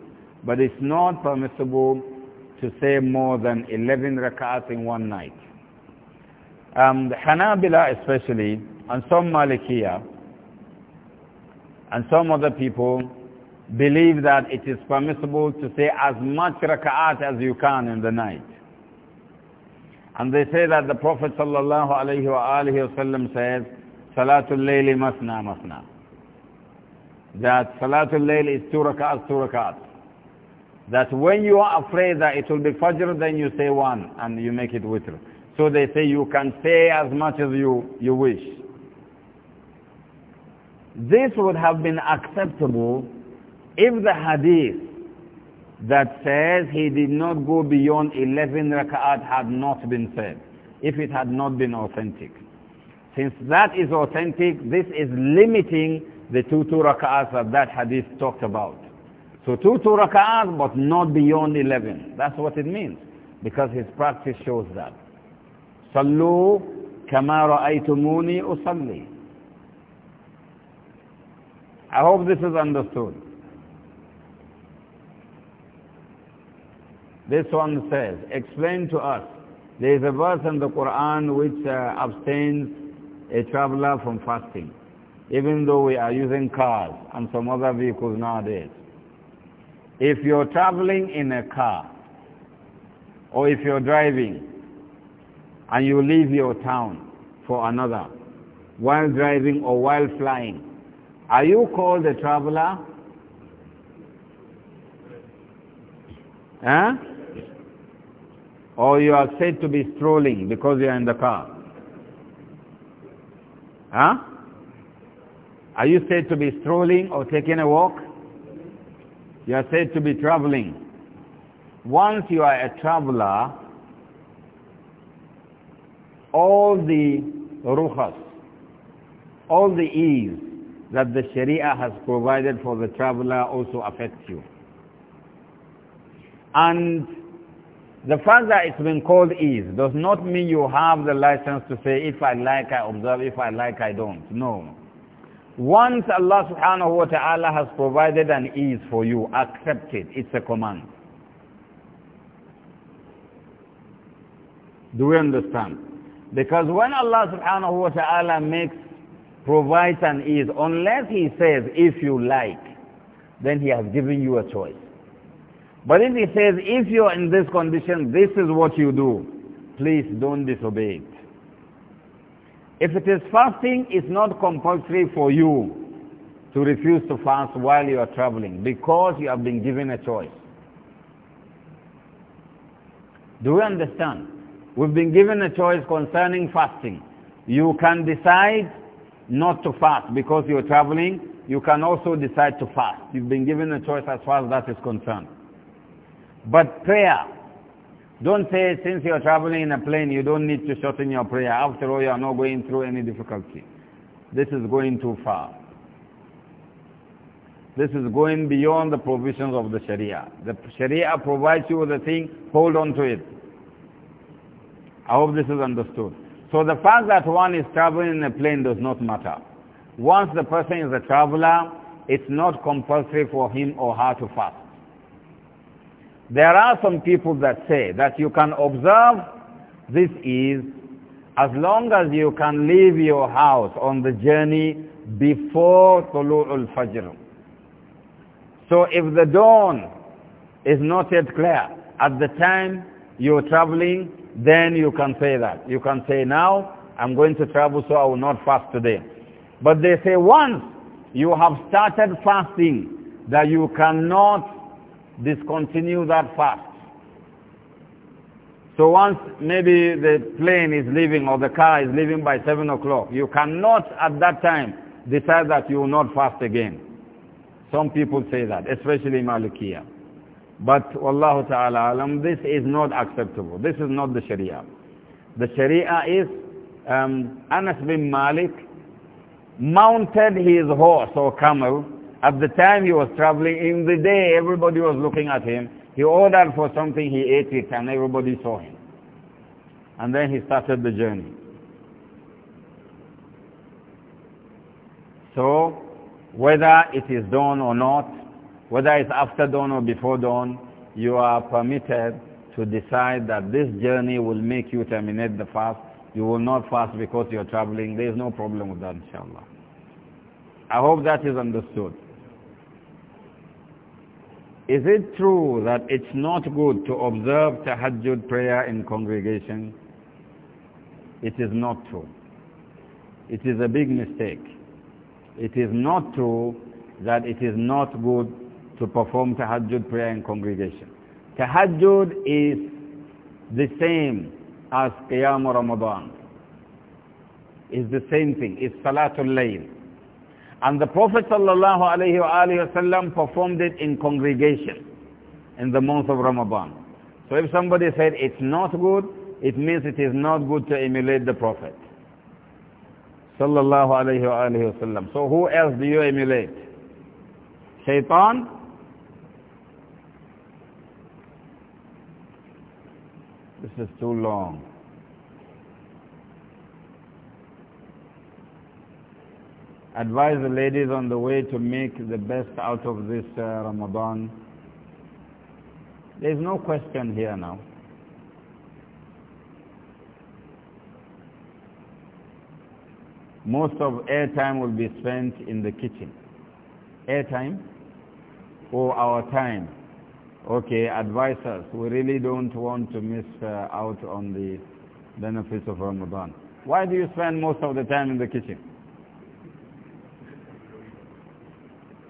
But it's not permissible to say more than 11 rak'ahs in one night. Um, the Hanabila especially, and some Malikiya, and some other people believe that it is permissible to say as much rak'at as you can in the night. And they say that the Prophet sallallahu alaihi wasallam says, Salatul layli masna masna that Salatul Layl is two rakats, two rakats. That when you are afraid that it will be Fajr, then you say one and you make it witr. So they say you can say as much as you, you wish. This would have been acceptable if the hadith that says he did not go beyond 11 rak'at had not been said, if it had not been authentic. Since that is authentic, this is limiting the two two that that hadith talked about. So two two but not beyond 11. That's what it means because his practice shows that. صلوا كما رأيتموني أصلي. I hope this is understood. This one says, explain to us, there is a verse in the Quran which uh, abstains a traveler from fasting even though we are using cars and some other vehicles nowadays. If you're traveling in a car, or if you're driving, and you leave your town for another, while driving or while flying, are you called a traveler? Huh? Or you are said to be strolling because you are in the car? Huh? Are you said to be strolling or taking a walk? You are said to be traveling. Once you are a traveler, all the ruhas, all the ease that the Sharia has provided for the traveler also affects you. And the fact that it's been called ease does not mean you have the license to say, if I like, I observe, if I like, I don't. No. Once Allah subhanahu wa ta'ala has provided an ease for you, accept it. It's a command. Do we understand? Because when Allah subhanahu wa ta'ala makes, provides an ease, unless He says, if you like, then He has given you a choice. But if He says, if you're in this condition, this is what you do, please don't disobey if it is fasting, it's not compulsory for you to refuse to fast while you are traveling because you have been given a choice. Do we understand? We've been given a choice concerning fasting. You can decide not to fast because you're traveling. You can also decide to fast. You've been given a choice as far as that is concerned. But prayer, don't say, since you're traveling in a plane, you don't need to shorten your prayer. After all, you are not going through any difficulty. This is going too far. This is going beyond the provisions of the Sharia. The Sharia provides you with a thing, hold on to it. I hope this is understood. So the fact that one is traveling in a plane does not matter. Once the person is a traveler, it's not compulsory for him or her to fast. There are some people that say that you can observe this is as long as you can leave your house on the journey before Tulu'ul Fajr. So if the dawn is not yet clear at the time you're traveling, then you can say that. You can say now, I'm going to travel so I will not fast today. But they say once you have started fasting, that you cannot discontinue that fast. So once maybe the plane is leaving or the car is leaving by 7 o'clock, you cannot at that time decide that you will not fast again. Some people say that, especially Malikiya. But Allah Ta'ala alam, this is not acceptable. This is not the Sharia. The Sharia is um, Anas bin Malik mounted his horse or camel at the time he was traveling, in the day everybody was looking at him. He ordered for something, he ate it, and everybody saw him. And then he started the journey. So, whether it is dawn or not, whether it's after dawn or before dawn, you are permitted to decide that this journey will make you terminate the fast. You will not fast because you're traveling. There is no problem with that, inshallah. I hope that is understood. Is it true that it's not good to observe tahajjud prayer in congregation? It is not true. It is a big mistake. It is not true that it is not good to perform tahajjud prayer in congregation. Tahajjud is the same as Qiyam Ramadan. It's the same thing. It's Salatul Layl. And the Prophet ﷺ performed it in congregation in the month of Ramadan. So if somebody said it's not good, it means it is not good to emulate the Prophet. Sallallahu alayhi So who else do you emulate? Shaitan? This is too long. advise the ladies on the way to make the best out of this uh, Ramadan. There is no question here now. Most of airtime will be spent in the kitchen. Airtime or our time. Okay, advise us. We really don't want to miss uh, out on the benefits of Ramadan. Why do you spend most of the time in the kitchen?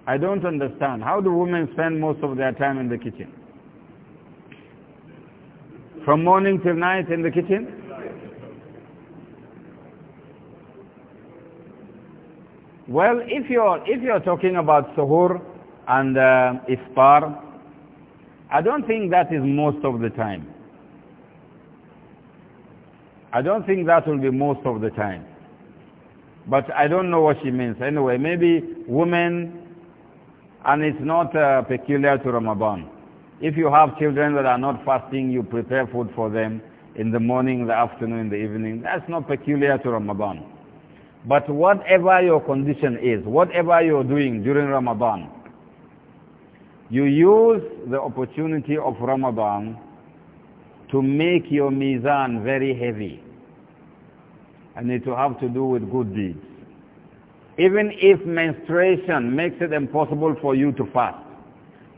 I don't understand. How do women spend most of their time in the kitchen? From morning till night in the kitchen? Well, if you're, if you're talking about suhoor and uh, iftar, I don't think that is most of the time. I don't think that will be most of the time. But I don't know what she means. Anyway, maybe women and it's not uh, peculiar to Ramadan. If you have children that are not fasting, you prepare food for them in the morning, the afternoon, the evening. That's not peculiar to Ramadan. But whatever your condition is, whatever you're doing during Ramadan, you use the opportunity of Ramadan to make your mizan very heavy. And it will have to do with good deeds even if menstruation makes it impossible for you to fast,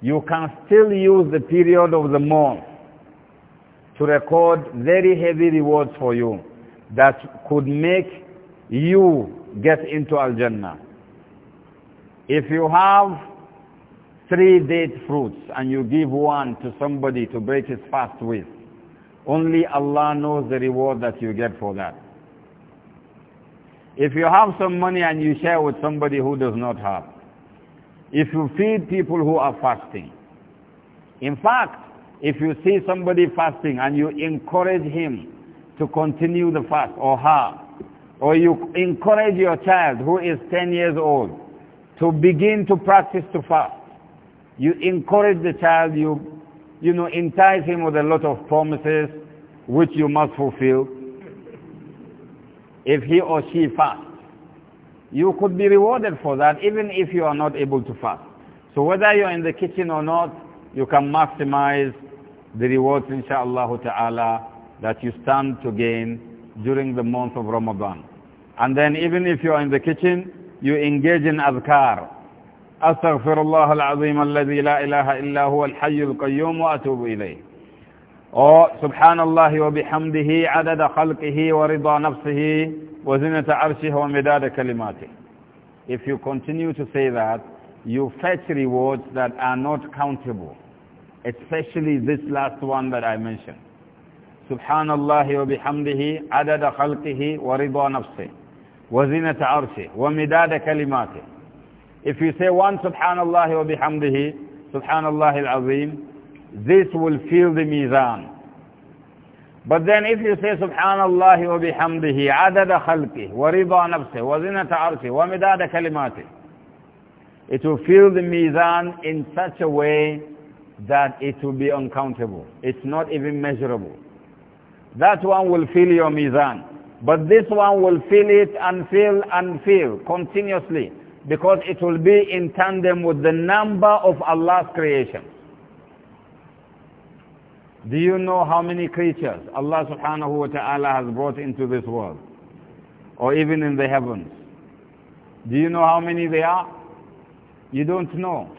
you can still use the period of the month to record very heavy rewards for you that could make you get into Al-Jannah. If you have three date fruits and you give one to somebody to break his fast with, only Allah knows the reward that you get for that. If you have some money and you share with somebody who does not have, if you feed people who are fasting, in fact, if you see somebody fasting and you encourage him to continue the fast or her, or you encourage your child who is 10 years old to begin to practice to fast, you encourage the child, you, you know, entice him with a lot of promises which you must fulfill, if he or she fasts. You could be rewarded for that even if you are not able to fast. So whether you're in the kitchen or not, you can maximize the rewards insha'Allah ta'ala that you stand to gain during the month of Ramadan. And then even if you are in the kitchen, you engage in adhkar. أستغفر الله العظيم الذي لا إله إلا هو الحي القيوم وأتوب إليه bihamdihi adada rida nafsihi kalimati. If you continue to say that, you fetch rewards that are not countable, especially this last one that I mentioned. Subhanallah wa bihamdihi adada khalqihi wa rida nafsihi wa zinata arshihi wa kalimati. If you say one Subhanallah wa bihamdihi, Subhanallah al-Azim, this will fill the mizan. But then if you say subhanallah wa bihamdihi adada khalqi wa rida nafsi wa zinata arshi wa midada kalimati it will fill the mizan in such a way that it will be uncountable. It's not even measurable. That one will fill your mizan. But this one will fill it and fill and fill continuously because it will be in tandem with the number of Allah's creations. Do you know how many creatures Allah subhanahu wa ta'ala has brought into this world? Or even in the heavens? Do you know how many they are? You don't know.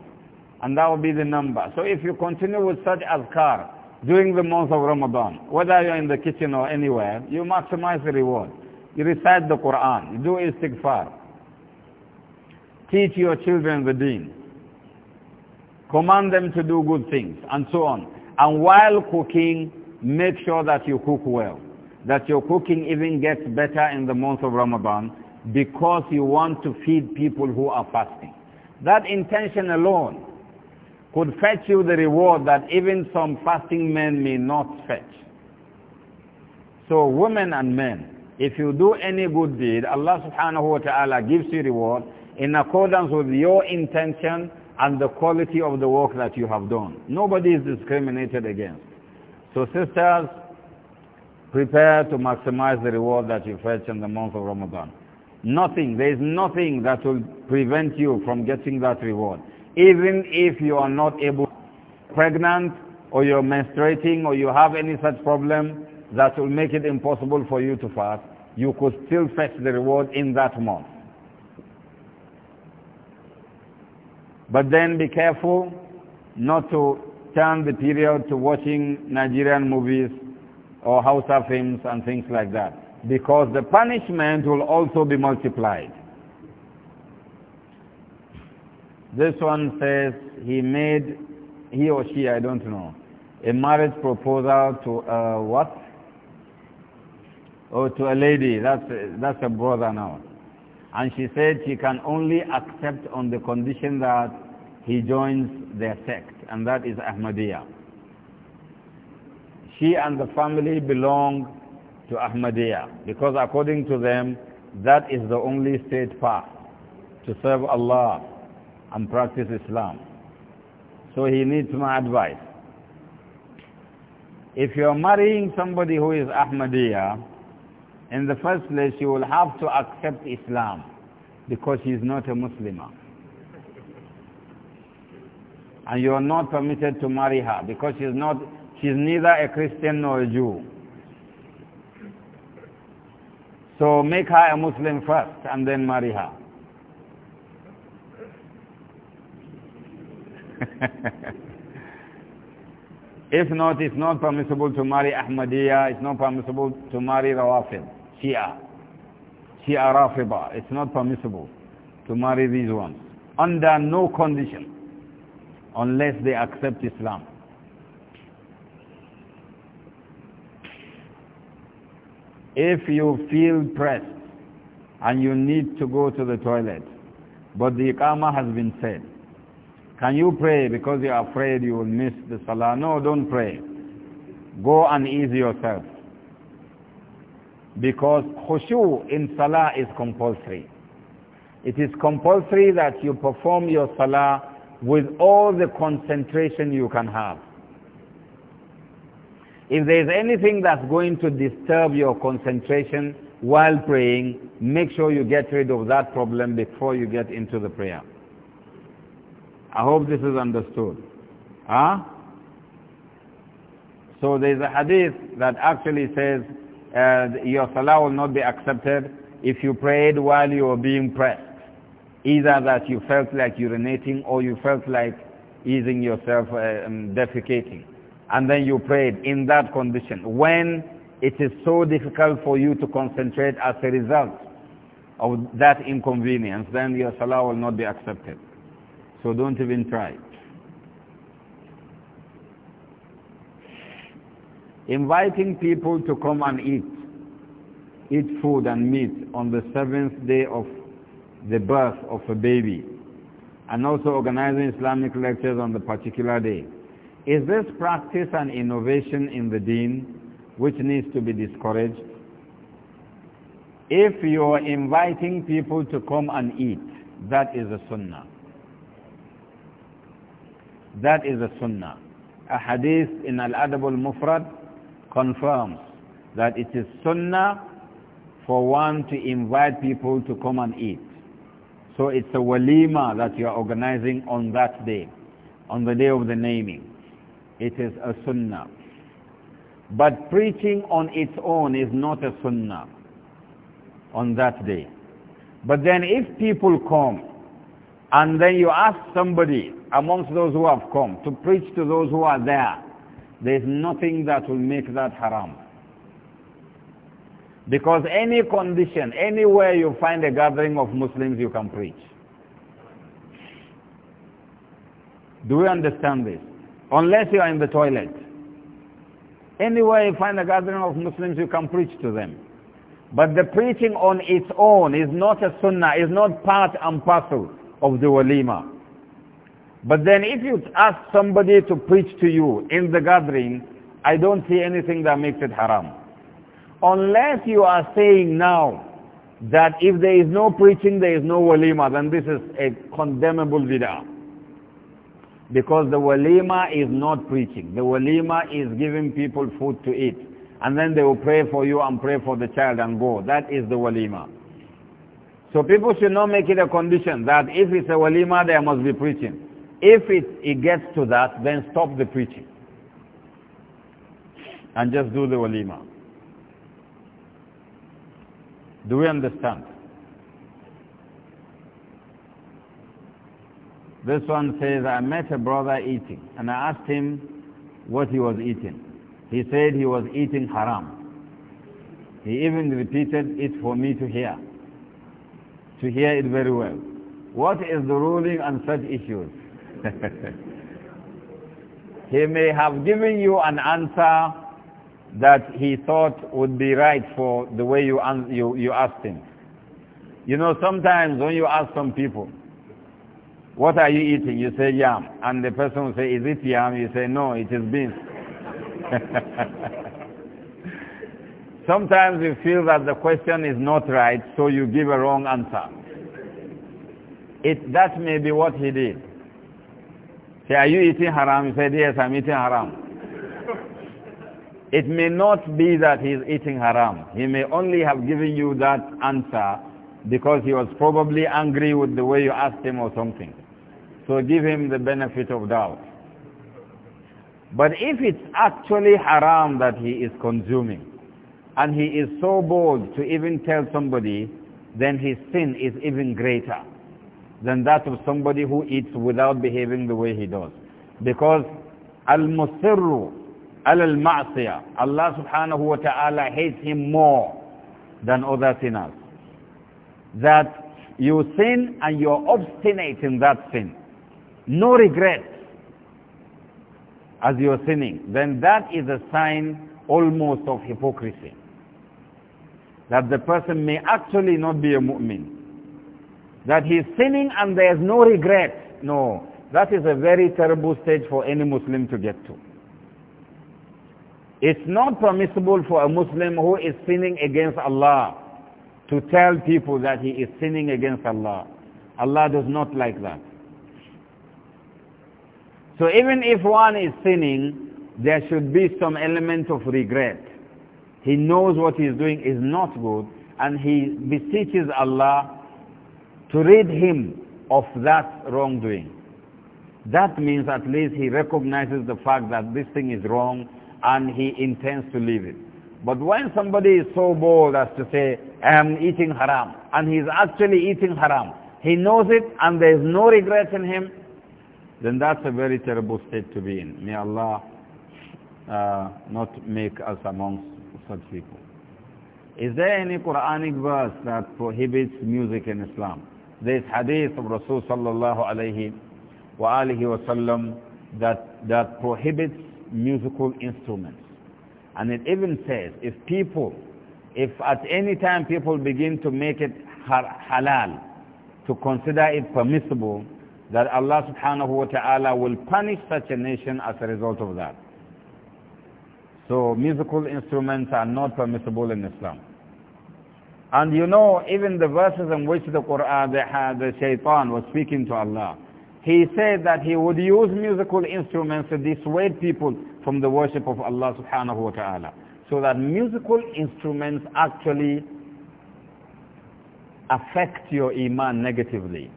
And that will be the number. So if you continue with such azkar during the month of Ramadan, whether you're in the kitchen or anywhere, you maximize the reward. You recite the Quran. You do istighfar. Teach your children the deen. Command them to do good things and so on. And while cooking, make sure that you cook well. That your cooking even gets better in the month of Ramadan because you want to feed people who are fasting. That intention alone could fetch you the reward that even some fasting men may not fetch. So women and men, if you do any good deed, Allah subhanahu wa ta'ala gives you reward in accordance with your intention and the quality of the work that you have done. Nobody is discriminated against. So sisters, prepare to maximize the reward that you fetch in the month of Ramadan. Nothing, there is nothing that will prevent you from getting that reward. Even if you are not able, pregnant, or you're menstruating, or you have any such problem that will make it impossible for you to fast, you could still fetch the reward in that month. But then be careful not to turn the period to watching Nigerian movies or Hausa films and things like that. Because the punishment will also be multiplied. This one says he made, he or she, I don't know, a marriage proposal to a what? Oh, to a lady. That's, a, that's a brother now. And she said she can only accept on the condition that he joins their sect, and that is Ahmadiyya. She and the family belong to Ahmadiyya because according to them, that is the only straight path to serve Allah and practice Islam. So he needs my advice. If you're marrying somebody who is Ahmadiyya, in the first place, you will have to accept Islam because she is not a Muslim. And you are not permitted to marry her because she is not, she is neither a Christian nor a Jew. So make her a Muslim first and then marry her. if not, it's not permissible to marry Ahmadiyya, it's not permissible to marry Rawafid. Shia, Shia Rafida. It's not permissible to marry these ones under no condition unless they accept Islam. If you feel pressed and you need to go to the toilet, but the Iqamah has been said, can you pray because you are afraid you will miss the Salah? No, don't pray. Go and ease yourself. Because khushu in salah is compulsory. It is compulsory that you perform your salah with all the concentration you can have. If there is anything that's going to disturb your concentration while praying, make sure you get rid of that problem before you get into the prayer. I hope this is understood. Huh? So there is a hadith that actually says uh, your salah will not be accepted if you prayed while you were being pressed. Either that you felt like urinating or you felt like easing yourself uh, um, defecating. And then you prayed in that condition. When it is so difficult for you to concentrate as a result of that inconvenience, then your salah will not be accepted. So don't even try. inviting people to come and eat, eat food and meat on the seventh day of the birth of a baby, and also organizing Islamic lectures on the particular day. Is this practice an innovation in the deen which needs to be discouraged? If you are inviting people to come and eat, that is a sunnah. That is a sunnah. A hadith in Al-Adab al-Mufrad confirms that it is sunnah for one to invite people to come and eat. So it's a walima that you are organizing on that day, on the day of the naming. It is a sunnah. But preaching on its own is not a sunnah on that day. But then if people come, and then you ask somebody amongst those who have come to preach to those who are there, there is nothing that will make that haram. Because any condition, anywhere you find a gathering of Muslims, you can preach. Do we understand this? Unless you are in the toilet. Anywhere you find a gathering of Muslims, you can preach to them. But the preaching on its own is not a sunnah, is not part and parcel of the walima. But then if you ask somebody to preach to you in the gathering, I don't see anything that makes it haram. Unless you are saying now that if there is no preaching, there is no walima, then this is a condemnable bid'ah. Because the walima is not preaching. The walima is giving people food to eat. And then they will pray for you and pray for the child and go. That is the walima. So people should not make it a condition that if it's a walima, there must be preaching. If it, it gets to that, then stop the preaching and just do the walima. Do we understand? This one says, I met a brother eating and I asked him what he was eating. He said he was eating haram. He even repeated it for me to hear, to hear it very well. What is the ruling on such issues? he may have given you an answer that he thought would be right for the way you, you, you asked him. You know, sometimes when you ask some people, what are you eating? You say yam. And the person will say, is it yam? You say, no, it is beans. Sometimes you feel that the question is not right, so you give a wrong answer. It, that may be what he did. Say, are you eating haram? He said, yes, I'm eating haram. It may not be that he's eating haram. He may only have given you that answer because he was probably angry with the way you asked him or something. So give him the benefit of doubt. But if it's actually haram that he is consuming, and he is so bold to even tell somebody, then his sin is even greater than that of somebody who eats without behaving the way he does. Because al-musirru al-ma'siyah, Allah subhanahu wa ta'ala hates him more than other sinners. That you sin and you're obstinate in that sin. No regret as you're sinning. Then that is a sign almost of hypocrisy. That the person may actually not be a mu'min that he is sinning and there is no regret. No, that is a very terrible stage for any Muslim to get to. It's not permissible for a Muslim who is sinning against Allah to tell people that he is sinning against Allah. Allah does not like that. So even if one is sinning, there should be some element of regret. He knows what he is doing is not good and he beseeches Allah to rid him of that wrongdoing. That means at least he recognizes the fact that this thing is wrong and he intends to leave it. But when somebody is so bold as to say, I am eating haram, and he's actually eating haram, he knows it and there is no regret in him, then that's a very terrible state to be in. May Allah uh, not make us amongst such people. Is there any Quranic verse that prohibits music in Islam? this hadith of Rasulullah sallallahu alayhi wa alihi that, that prohibits musical instruments. And it even says if people, if at any time people begin to make it halal, to consider it permissible, that Allah subhanahu wa ta'ala will punish such a nation as a result of that. So musical instruments are not permissible in Islam. And you know, even the verses in which the Quran, the, the shaitan was speaking to Allah, he said that he would use musical instruments to dissuade people from the worship of Allah subhanahu wa ta'ala. So that musical instruments actually affect your iman negatively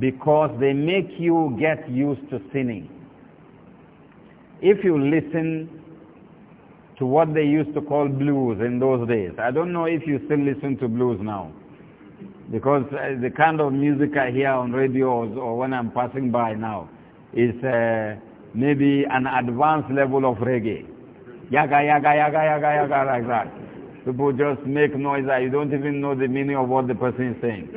because they make you get used to sinning. If you listen to what they used to call blues in those days. I don't know if you still listen to blues now. Because uh, the kind of music I hear on radios or when I'm passing by now is uh, maybe an advanced level of reggae. Yaga, yaga, yaga, yaga, yaga, like that. People just make noise that you don't even know the meaning of what the person is saying.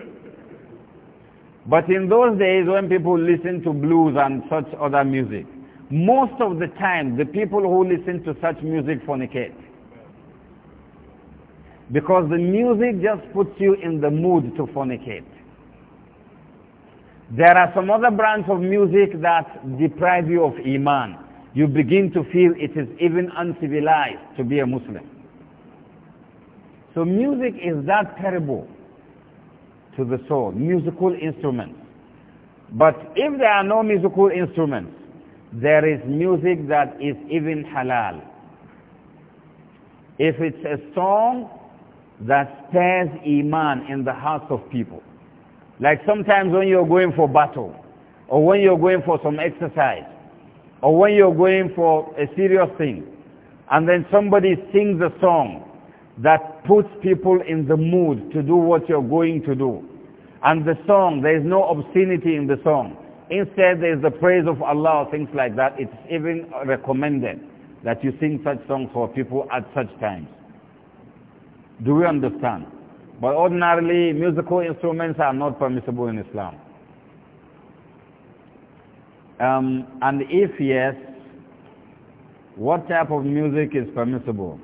But in those days when people listened to blues and such other music, most of the time, the people who listen to such music fornicate. Because the music just puts you in the mood to fornicate. There are some other brands of music that deprive you of Iman. You begin to feel it is even uncivilized to be a Muslim. So music is that terrible to the soul, musical instruments. But if there are no musical instruments, there is music that is even halal. If it's a song that stirs iman in the hearts of people, like sometimes when you're going for battle, or when you're going for some exercise, or when you're going for a serious thing, and then somebody sings a song that puts people in the mood to do what you're going to do. And the song, there is no obscenity in the song. Instead, there's the praise of Allah or things like that. It's even recommended that you sing such songs for people at such times. Do we understand? But ordinarily, musical instruments are not permissible in Islam. Um, and if yes, what type of music is permissible?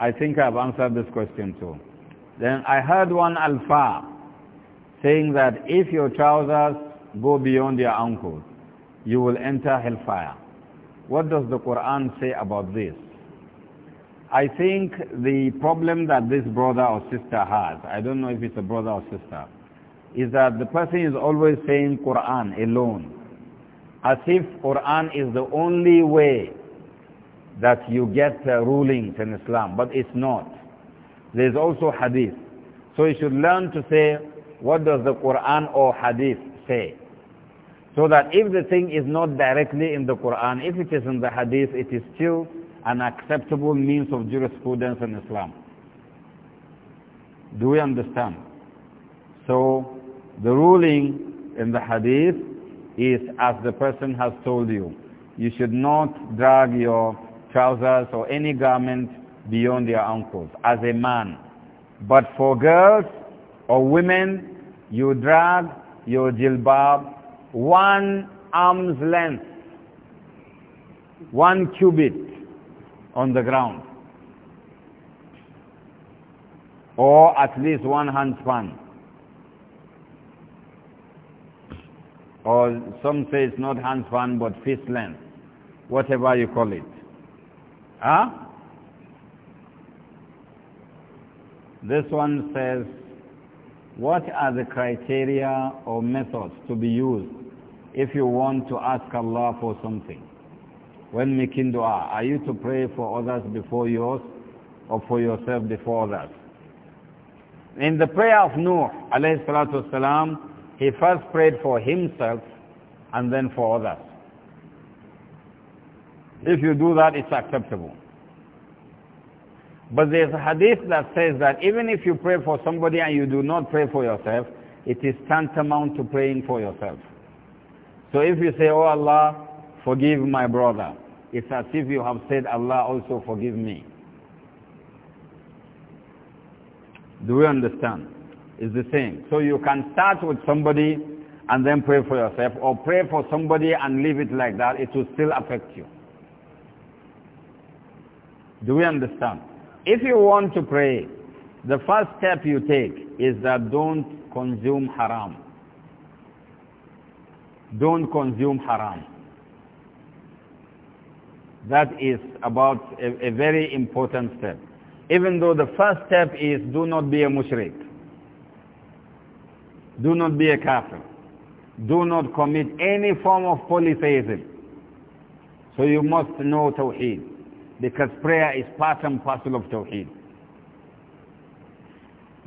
I think I've answered this question too. Then I heard one alfa saying that if your trousers go beyond your ankles, you will enter hellfire. What does the Quran say about this? I think the problem that this brother or sister has, I don't know if it's a brother or sister, is that the person is always saying Quran alone, as if Quran is the only way that you get uh, rulings in Islam, but it's not. There's also hadith. So you should learn to say, what does the Quran or hadith say? So that if the thing is not directly in the Quran, if it is in the Hadith, it is still an acceptable means of jurisprudence in Islam. Do we understand? So the ruling in the Hadith is as the person has told you. You should not drag your trousers or any garment beyond your ankles as a man. But for girls or women, you drag your jilbab one arm's length, one cubit on the ground, or at least one handspan. Or some say it's not handspan but fist length, whatever you call it. Huh? This one says, what are the criteria or methods to be used if you want to ask Allah for something. When making dua, are you to pray for others before yours or for yourself before others? In the prayer of Nuh, alayhi salatu wasalam, he first prayed for himself and then for others. If you do that, it's acceptable. But there's a hadith that says that even if you pray for somebody and you do not pray for yourself, it is tantamount to praying for yourself. So if you say, Oh Allah, forgive my brother, it's as if you have said, Allah also forgive me. Do we understand? It's the same. So you can start with somebody and then pray for yourself or pray for somebody and leave it like that. It will still affect you. Do we understand? If you want to pray, the first step you take is that don't consume haram don't consume haram. That is about a, a, very important step. Even though the first step is do not be a mushrik. Do not be a kafir. Do not commit any form of polytheism. So you must know Tawheed. Because prayer is part and parcel of Tawheed.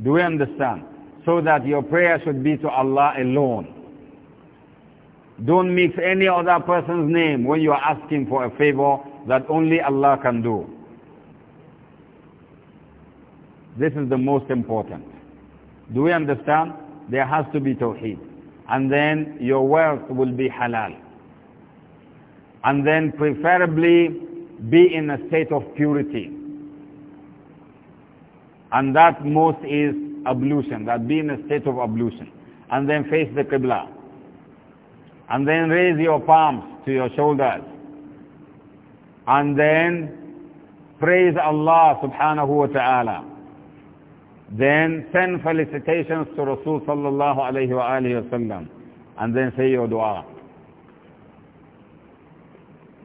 Do we understand? So that your prayer should be to Allah alone. Don't mix any other person's name when you are asking for a favor that only Allah can do. This is the most important. Do we understand? There has to be tawheed. And then your wealth will be halal. And then preferably be in a state of purity. And that most is ablution, that be in a state of ablution. And then face the Qibla and then raise your palms to your shoulders and then praise Allah subhanahu wa ta'ala then send felicitations to Rasul sallallahu alayhi wa alayhi wa sallam and then say your dua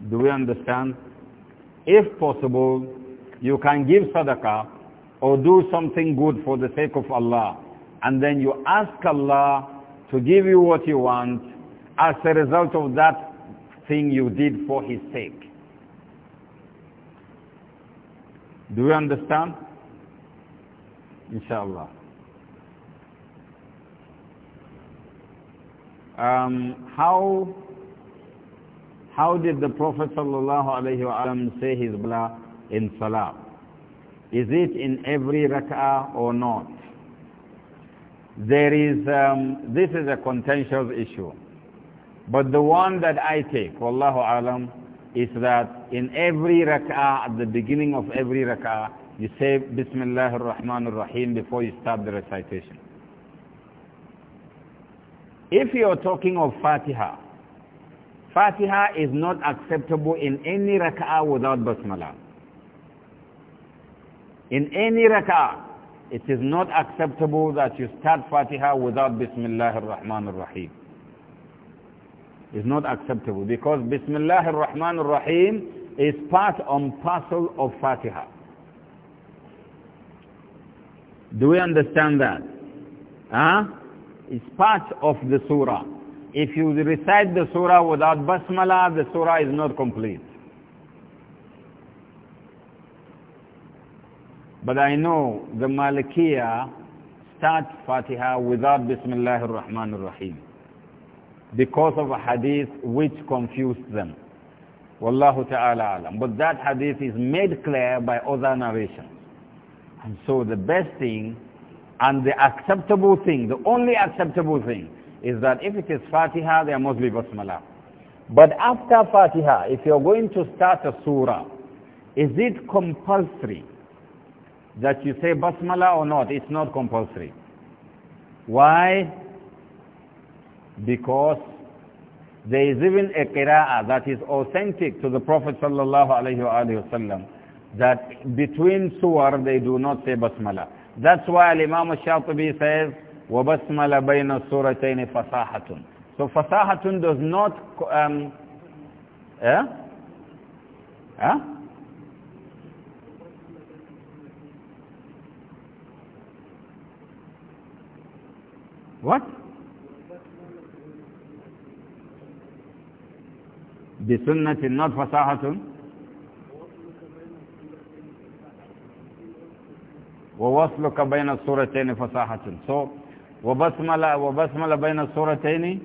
do we understand if possible you can give sadaqah or do something good for the sake of Allah and then you ask Allah to give you what you want as a result of that thing you did for his sake. Do you understand? Inshallah. Um, how how did the Prophet sallallahu say his blah in salah? Is it in every rak'ah or not? There is um, this is a contentious issue. But the one that I take, Wallahu Alam, is that in every rak'ah, at the beginning of every rak'ah, you say Bismillah ar-Rahman ar-Rahim before you start the recitation. If you are talking of Fatiha, Fatiha is not acceptable in any rak'ah without Bismillah. In any rak'ah, it is not acceptable that you start Fatiha without Bismillah ar-Rahman ar-Rahim is not acceptable because Bismillah ar-Rahman ar-Rahim is part and parcel of Fatiha. Do we understand that? Huh? It's part of the surah. If you recite the surah without basmala, the surah is not complete. But I know the Malikiya starts Fatiha without Bismillah ar-Rahman ar-Rahim because of a hadith which confused them. Wallahu ta'ala alam. But that hadith is made clear by other narrations. And so the best thing and the acceptable thing, the only acceptable thing, is that if it is Fatiha, there must be Basmala. But after Fatiha, if you're going to start a surah, is it compulsory that you say Basmala or not? It's not compulsory. Why? because there is even a qira'ah that is authentic to the Prophet sallallahu alaihi wasallam that between suwar they do not say basmala. That's why Imam al-Shatibi says, وَبَسْمَلَ بَيْنَ السُّورَتَيْنِ فَصَاحَةٌ So fasahatun does not... Um, eh? Huh? What? بسنة not فصاحة ووصلك بين الصورتين فصاحة so وبسملة وبسملة بين الصورتين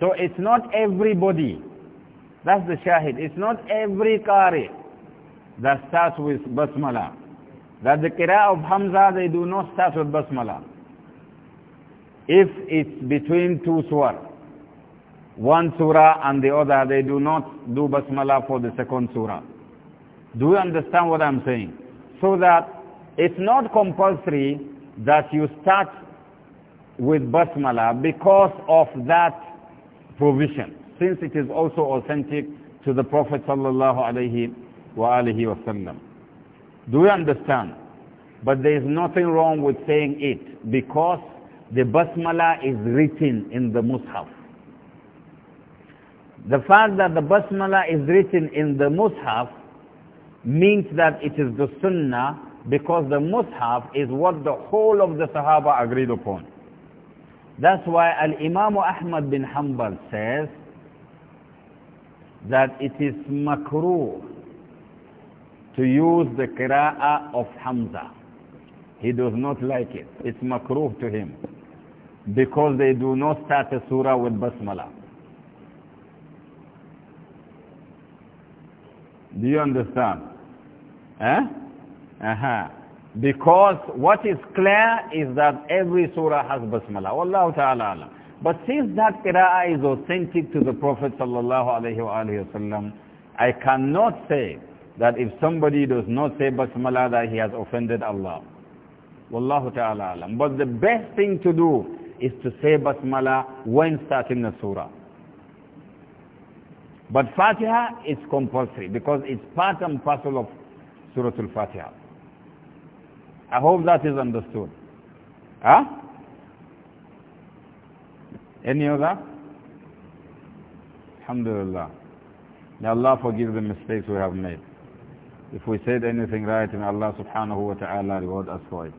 so it's not everybody that's the shahid it's not every qari that starts with basmala that the qira of hamza they do not start with basmala if it's between two surahs one surah and the other, they do not do basmala for the second surah. Do you understand what I'm saying? So that it's not compulsory that you start with basmala because of that provision, since it is also authentic to the Prophet sallallahu alaihi wasallam. Do you understand? But there is nothing wrong with saying it because the basmala is written in the mushaf. The fact that the basmala is written in the mushaf means that it is the sunnah because the mushaf is what the whole of the sahaba agreed upon. That's why Al-Imam Ahmad bin Hanbal says that it is makruh to use the qira'ah of Hamza. He does not like it. It's makruh to him because they do not start a surah with basmala. Do you understand? Eh? Uh -huh. Because what is clear is that every surah has basmala. Wallahu ta'ala alam. But since that qira'ah is authentic to the Prophet sallallahu alayhi wa I cannot say that if somebody does not say basmala that he has offended Allah. Wallahu ta'ala alam. But the best thing to do is to say basmala when starting the surah. But Fatiha is compulsory because it's part and parcel of Surah Al-Fatiha. I hope that is understood. Huh? Any other? Alhamdulillah. May Allah forgive the mistakes we have made. If we said anything right, may Allah subhanahu wa ta'ala reward us for it.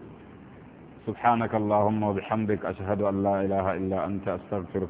سبحانك bihamdik. وبحمدك أشهد أن لا إله إلا أنت أستغفرك